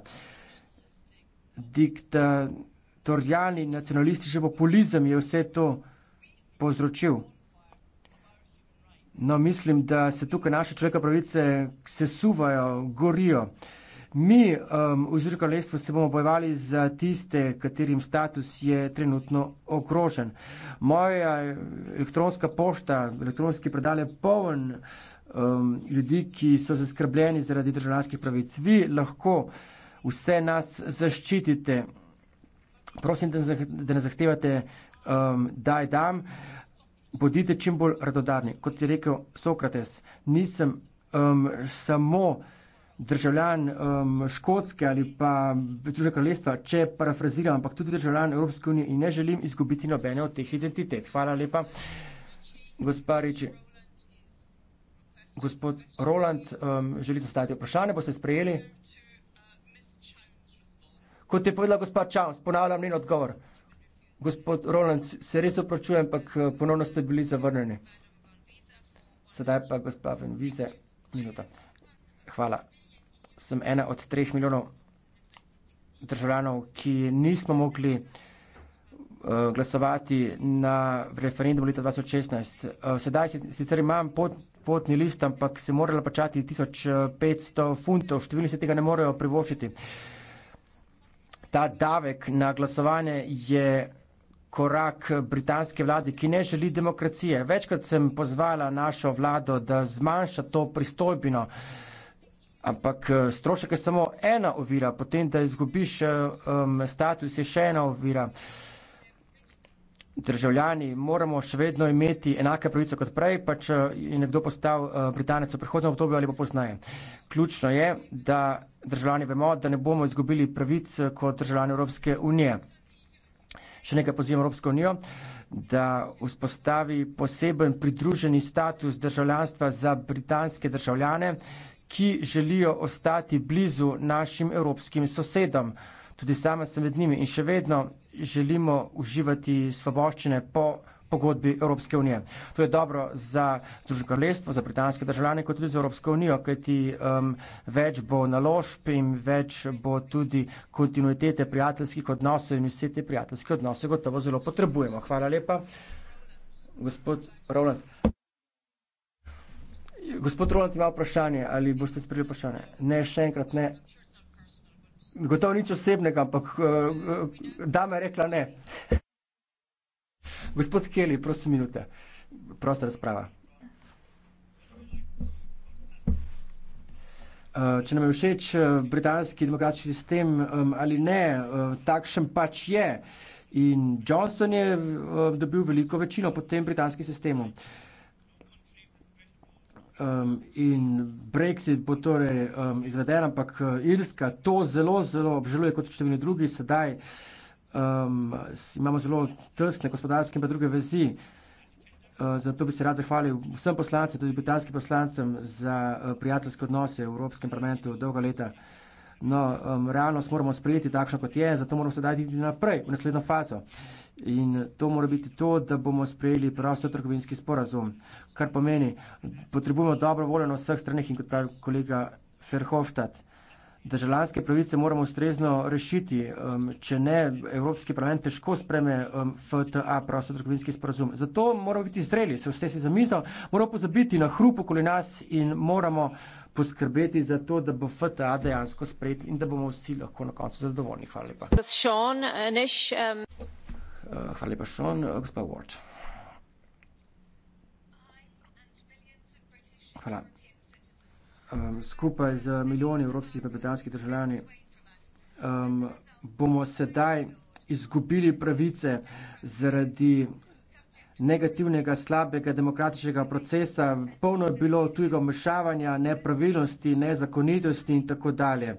Diktatorialni nacionalistični populizem je vse to povzročil. No, mislim, da se tukaj naše človeka pravice sesuvajo, gorijo. Mi um, v Združenem kraljestvu se bomo bojevali za tiste, katerim status je trenutno ogrožen. Moja elektronska pošta, elektronski predal je poln um, ljudi, ki so zaskrbljeni zaradi državljanskih pravic. Vi lahko vse nas zaščitite. Prosim, da ne zahtevate, um, daj dam bodite čim bolj radodarni. Kot je rekel Sokrates, nisem um, samo državljan um, Škotske ali pa Združenega kraljestva, če parafraziram, ampak tudi državljan Evropske unije in ne želim izgubiti nobene od teh identitet. Hvala lepa, gospa Riči. Gospod Roland um, želi zastaviti vprašanje, boste sprejeli? Kot je povedala gospa Čams, ponavljam njen odgovor. Gospod Roland, se res opravičujem, ampak eh, ponovno ste bili zavrnjeni. Sedaj pa gospa Venvize, minuta. Hvala. Sem ena od treh milijonov državljanov, ki nismo mogli eh, glasovati na referendum leta 2016. Eh, sedaj sicer imam pot, potni list, ampak se morala plačati 1500 funtov, številni se tega ne morejo privoščiti. Ta davek na glasovanje je korak britanske vlade, ki ne želi demokracije. Večkrat sem pozvala našo vlado, da zmanjša to pristojbino, ampak eh, strošek je samo ena ovira, potem, da izgubiš um, status, je še ena ovira. Državljani moramo še vedno imeti enake pravice kot prej, pa če eh, je nekdo postal Britanec v prihodnem obdobju ali pa poznaje. Ključno je, da državljani vemo, da ne bomo izgubili pravic kot državljani Evropske unije še nekaj pozivam Evropsko unijo, da vzpostavi poseben pridruženi status državljanstva za britanske državljane, ki želijo ostati blizu našim evropskim sosedom. Tudi sama sem med njimi in še vedno želimo uživati svoboščine po pogodbi Evropske unije. To je dobro za Združeno kraljestvo, za britanske državljane, kot tudi za Evropsko unijo, kajti um, več bo naložb in več bo tudi kontinuitete prijateljskih odnosov in vse te prijateljske odnose gotovo zelo potrebujemo. Hvala lepa, gospod Roland. Gospod Roland ima vprašanje, ali boste sprejeli vprašanje? Ne, še enkrat ne. Gotovo nič osebnega, ampak uh, uh dame je rekla ne. Gospod Keli, prosim minute. Prosta razprava. Eh, če nam je všeč eh, britanski demokratični sistem ali ne, eh, takšen pač je. In Johnson je dobil veliko večino pod tem britanskim sistemom. In Brexit bo torej izveden, ampak Irska to zelo, zelo obžaluje kot številni drugi sedaj um, imamo zelo tesne gospodarske in pa druge vezi. Zato bi se rad zahvalil vsem poslancem, tudi britanskim poslancem, za eh, prijateljske odnose v Evropskem parlamentu dolga leta. No, um, realnost moramo sprejeti takšno, kot je, zato moramo sedaj iti naprej v naslednjo fazo. In to mora biti to, da bomo sprejeli prostotrgovinski sporazum, kar pomeni, potrebujemo dobro voljo na vseh stranih in kot pravi kolega Ferhoftat državljanske pravice moramo ustrezno rešiti. Um, če ne, Evropski parlament težko spreme um, FTA, prostotrgovinski sporazum. Zato moramo biti zreli, se vse si zamislil, moramo pozabiti na hrup okoli nas in moramo poskrbeti za to, da bo FTA dejansko sprejet in da bomo vsi lahko na koncu zadovoljni. Hvala lepa. Uh, um, uh, hvala lepa, Sean. Uh, Gospod Ward. Hvala um, skupaj z milijoni evropskih in britanskih državljani, um, bomo sedaj izgubili pravice zaradi negativnega, slabega demokratičnega procesa, polno je bilo tujega vmešavanja, nepravilnosti, nezakonitosti in tako dalje.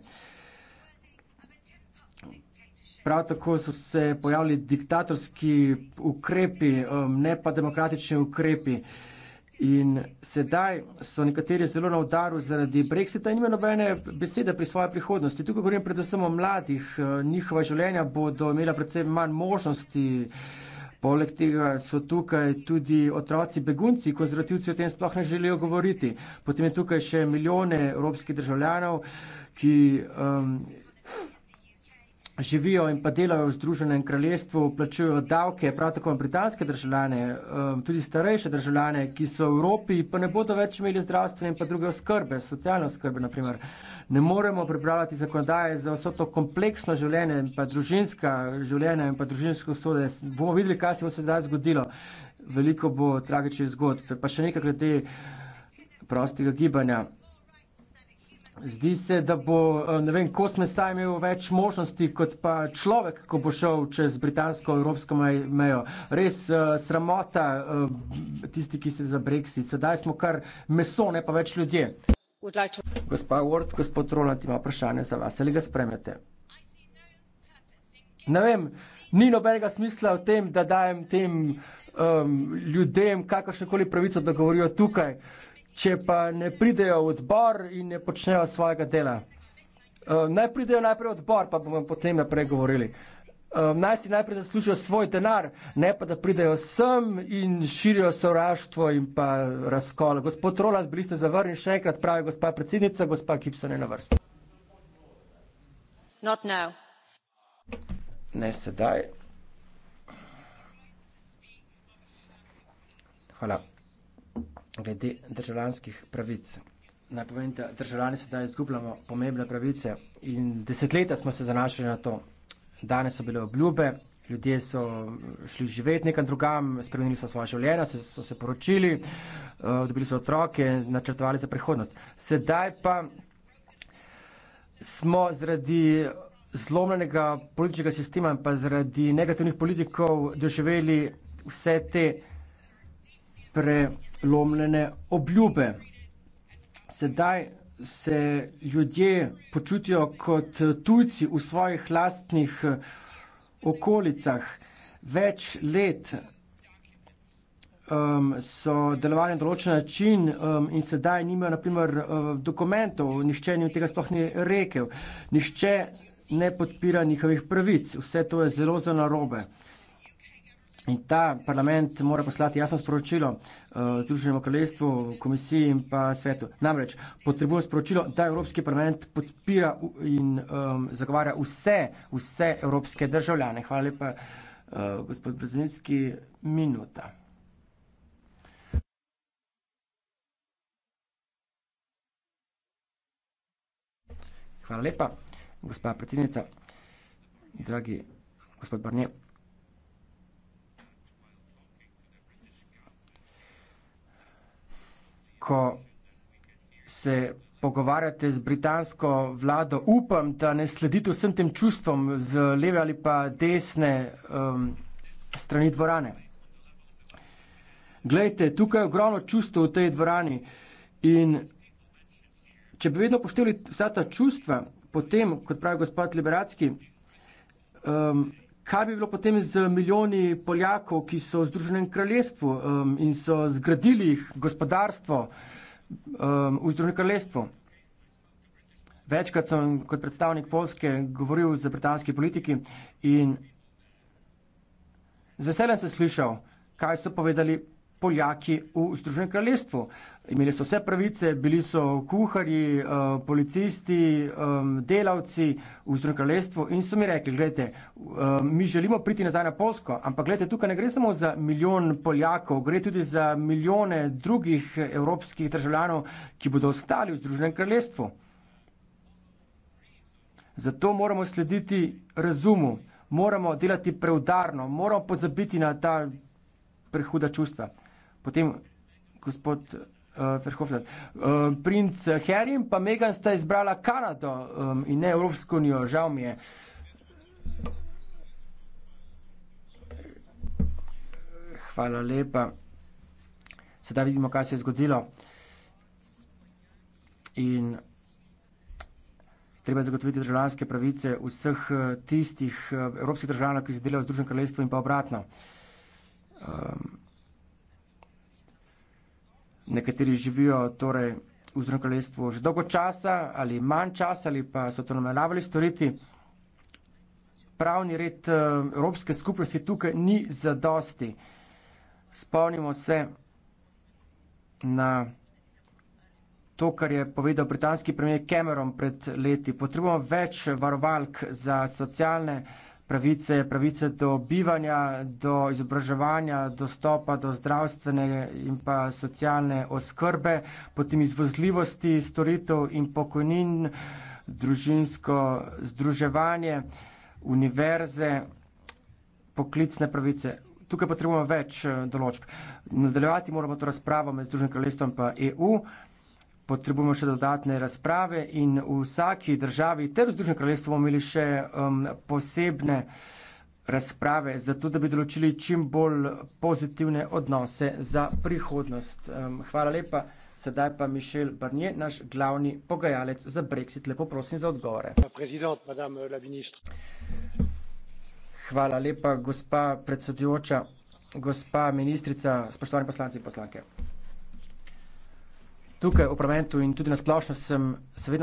Prav tako so se pojavili diktatorski ukrepi, ne pa demokratični ukrepi. In sedaj so nekateri zelo na udaru zaradi brexita in ima nobene besede pri svoji prihodnosti. Tukaj govorim predvsem o mladih. Njihova življenja bodo imela predvsem manj možnosti. Poleg tega so tukaj tudi otroci begunci, konzervativci o tem sploh ne želijo govoriti. Potem je tukaj še milijone evropskih državljanov, ki. Um, živijo in pa delajo v Združenem kraljestvu, plačujejo davke, prav tako in britanske državljane, eh, tudi starejše državljane, ki so v Evropi, pa ne bodo več imeli zdravstvene in pa druge oskrbe, socialne oskrbe, naprimer. Ne moremo pripravljati zakonodaje za vso to kompleksno življenje in pa družinska življenja in pa družinsko sode. Bomo videli, kaj se bo se zdaj zgodilo. Veliko bo tragičnih zgodb. Pa še nekaj glede prostega gibanja. Zdi se, da bo eh, ne vem, kos mesa imel več možnosti kot pa človek, ko bo šel čez britansko-evropsko mejo. Res uh, sramota uh, tisti, ki se za Brexit. Sedaj smo kar meso, ne pa več ljudje. Gospa Ward, gospod Ronald ima vprašanje za vas. Ali ga spremete? Ne vem, ni nobenega smisla v tem, da dajem tem um, ljudem kakršnekoli pravico, da govorijo tukaj če pa ne pridejo v odbor in ne počnejo svojega dela. Uh, naj pridejo najprej v odbor, pa bomo potem naprej govorili. Uh, naj si najprej zaslužijo svoj denar, ne pa da pridejo sem in širijo sovraštvo in pa razkol. Gospod Roland, bili ste zavrnjeni, še enkrat pravi gospa predsednica, gospa Kipsen je na vrsti. Ne sedaj. Hvala glede državljanskih pravic. Naj povem, da državljani sedaj izgubljamo pomembne pravice in desetletja smo se zanašali na to. Danes so bile obljube, ljudje so mm, šli živeti nekam drugam, spremenili so svoje življenje, se, so se poročili, uh, dobili so otroke, načrtovali za prihodnost. Sedaj pa smo zaradi zlomljenega političnega sistema in pa zaradi negativnih politikov doživeli vse te pre lomljene obljube. Sedaj se ljudje počutijo kot tujci v svojih lastnih okolicah. Več let um, so delovali na določen način um, in sedaj nimajo naprimer uh, dokumentov, nišče jim tega sploh ni rekel, nišče ne podpira njihovih pravic. Vse to je zelo zelo narobe. robe. In ta parlament mora poslati jasno sporočilo eh, Združenemu kraljestvu, komisiji in pa svetu. Namreč potrebuje sporočilo, da Evropski parlament podpira in um, zagovarja vse, vse evropske državljane. Hvala lepa, uh, gospod Brzezinski. Minuta. Hvala lepa, gospa predsednica, dragi gospod Barnier. ko se pogovarjate z britansko vlado, upam, da ne sledite vsem tem čustvom z leve ali pa desne um, strani dvorane. Glejte, tukaj je ogromno čustva v tej dvorani in če bi vedno poštevali vsa ta čustva, potem, kot pravi gospod Liberacki, um, Kaj bi bilo potem z milijoni Poljakov, ki so v Združenem kraljestvu um, in so zgradili gospodarstvo um, v Združenem kraljestvu? Večkrat sem kot predstavnik Polske govoril z britanski politiki in z veseljem sem slišal, kaj so povedali Poljaki v Združenem kraljestvu. Imeli so vse pravice, bili so kuhari, eh, policisti, eh, delavci v Združenem kraljestvu in so mi rekli: Glejte, eh, mi želimo priti nazaj na Polsko, ampak gledajte, tukaj ne gre samo za milijon Poljakov, gre tudi za milijone drugih evropskih državljanov, ki bodo ostali v Združenem kraljestvu. Zato moramo slediti razumu, moramo delati preudarno, moramo pozabiti na ta prehuda čustva. Potem gospod uh, eh, Verhofer. Uh, princ Herim pa Megan sta izbrala Kanado um, in ne Evropsko unijo, žal mi je. Hvala lepa. Sedaj vidimo, kaj se je zgodilo. In treba zagotoviti državljanske pravice vseh eh, tistih eh, evropskih državljanov, ki so delali v Združenem kraljestvu in pa obratno. Um, nekateri živijo torej v Združenem kraljestvu že dolgo časa ali manj časa ali pa so to namenjavali storiti. Pravni red eh, Evropske skupnosti tukaj ni zadosti. Spomnimo se na to, kar je povedal britanski premijer Cameron pred leti. Potrebujemo več varovalk za socialne pravice, pravice do bivanja, do izobraževanja, dostopa do zdravstvene in pa socialne oskrbe, potem izvozljivosti storitev in pokojnin, družinsko združevanje, univerze, poklicne pravice. Tukaj potrebujemo več eh, določb. Nadaljevati moramo to razpravo med Združenim kraljestvom in EU potrebujemo še dodatne razprave in v vsaki državi ter v Združenem kraljestvu bomo imeli še um, posebne razprave, zato da bi določili čim bolj pozitivne odnose za prihodnost. Um, hvala lepa. Sedaj pa Mišel Barnier, naš glavni pogajalec za brexit. Lepo prosim za odgovore. Hvala lepa, gospa predsedujoča, gospa ministrica, spoštovani poslanci in poslanke tukaj v parlamentu in tudi na splošno sem se vedno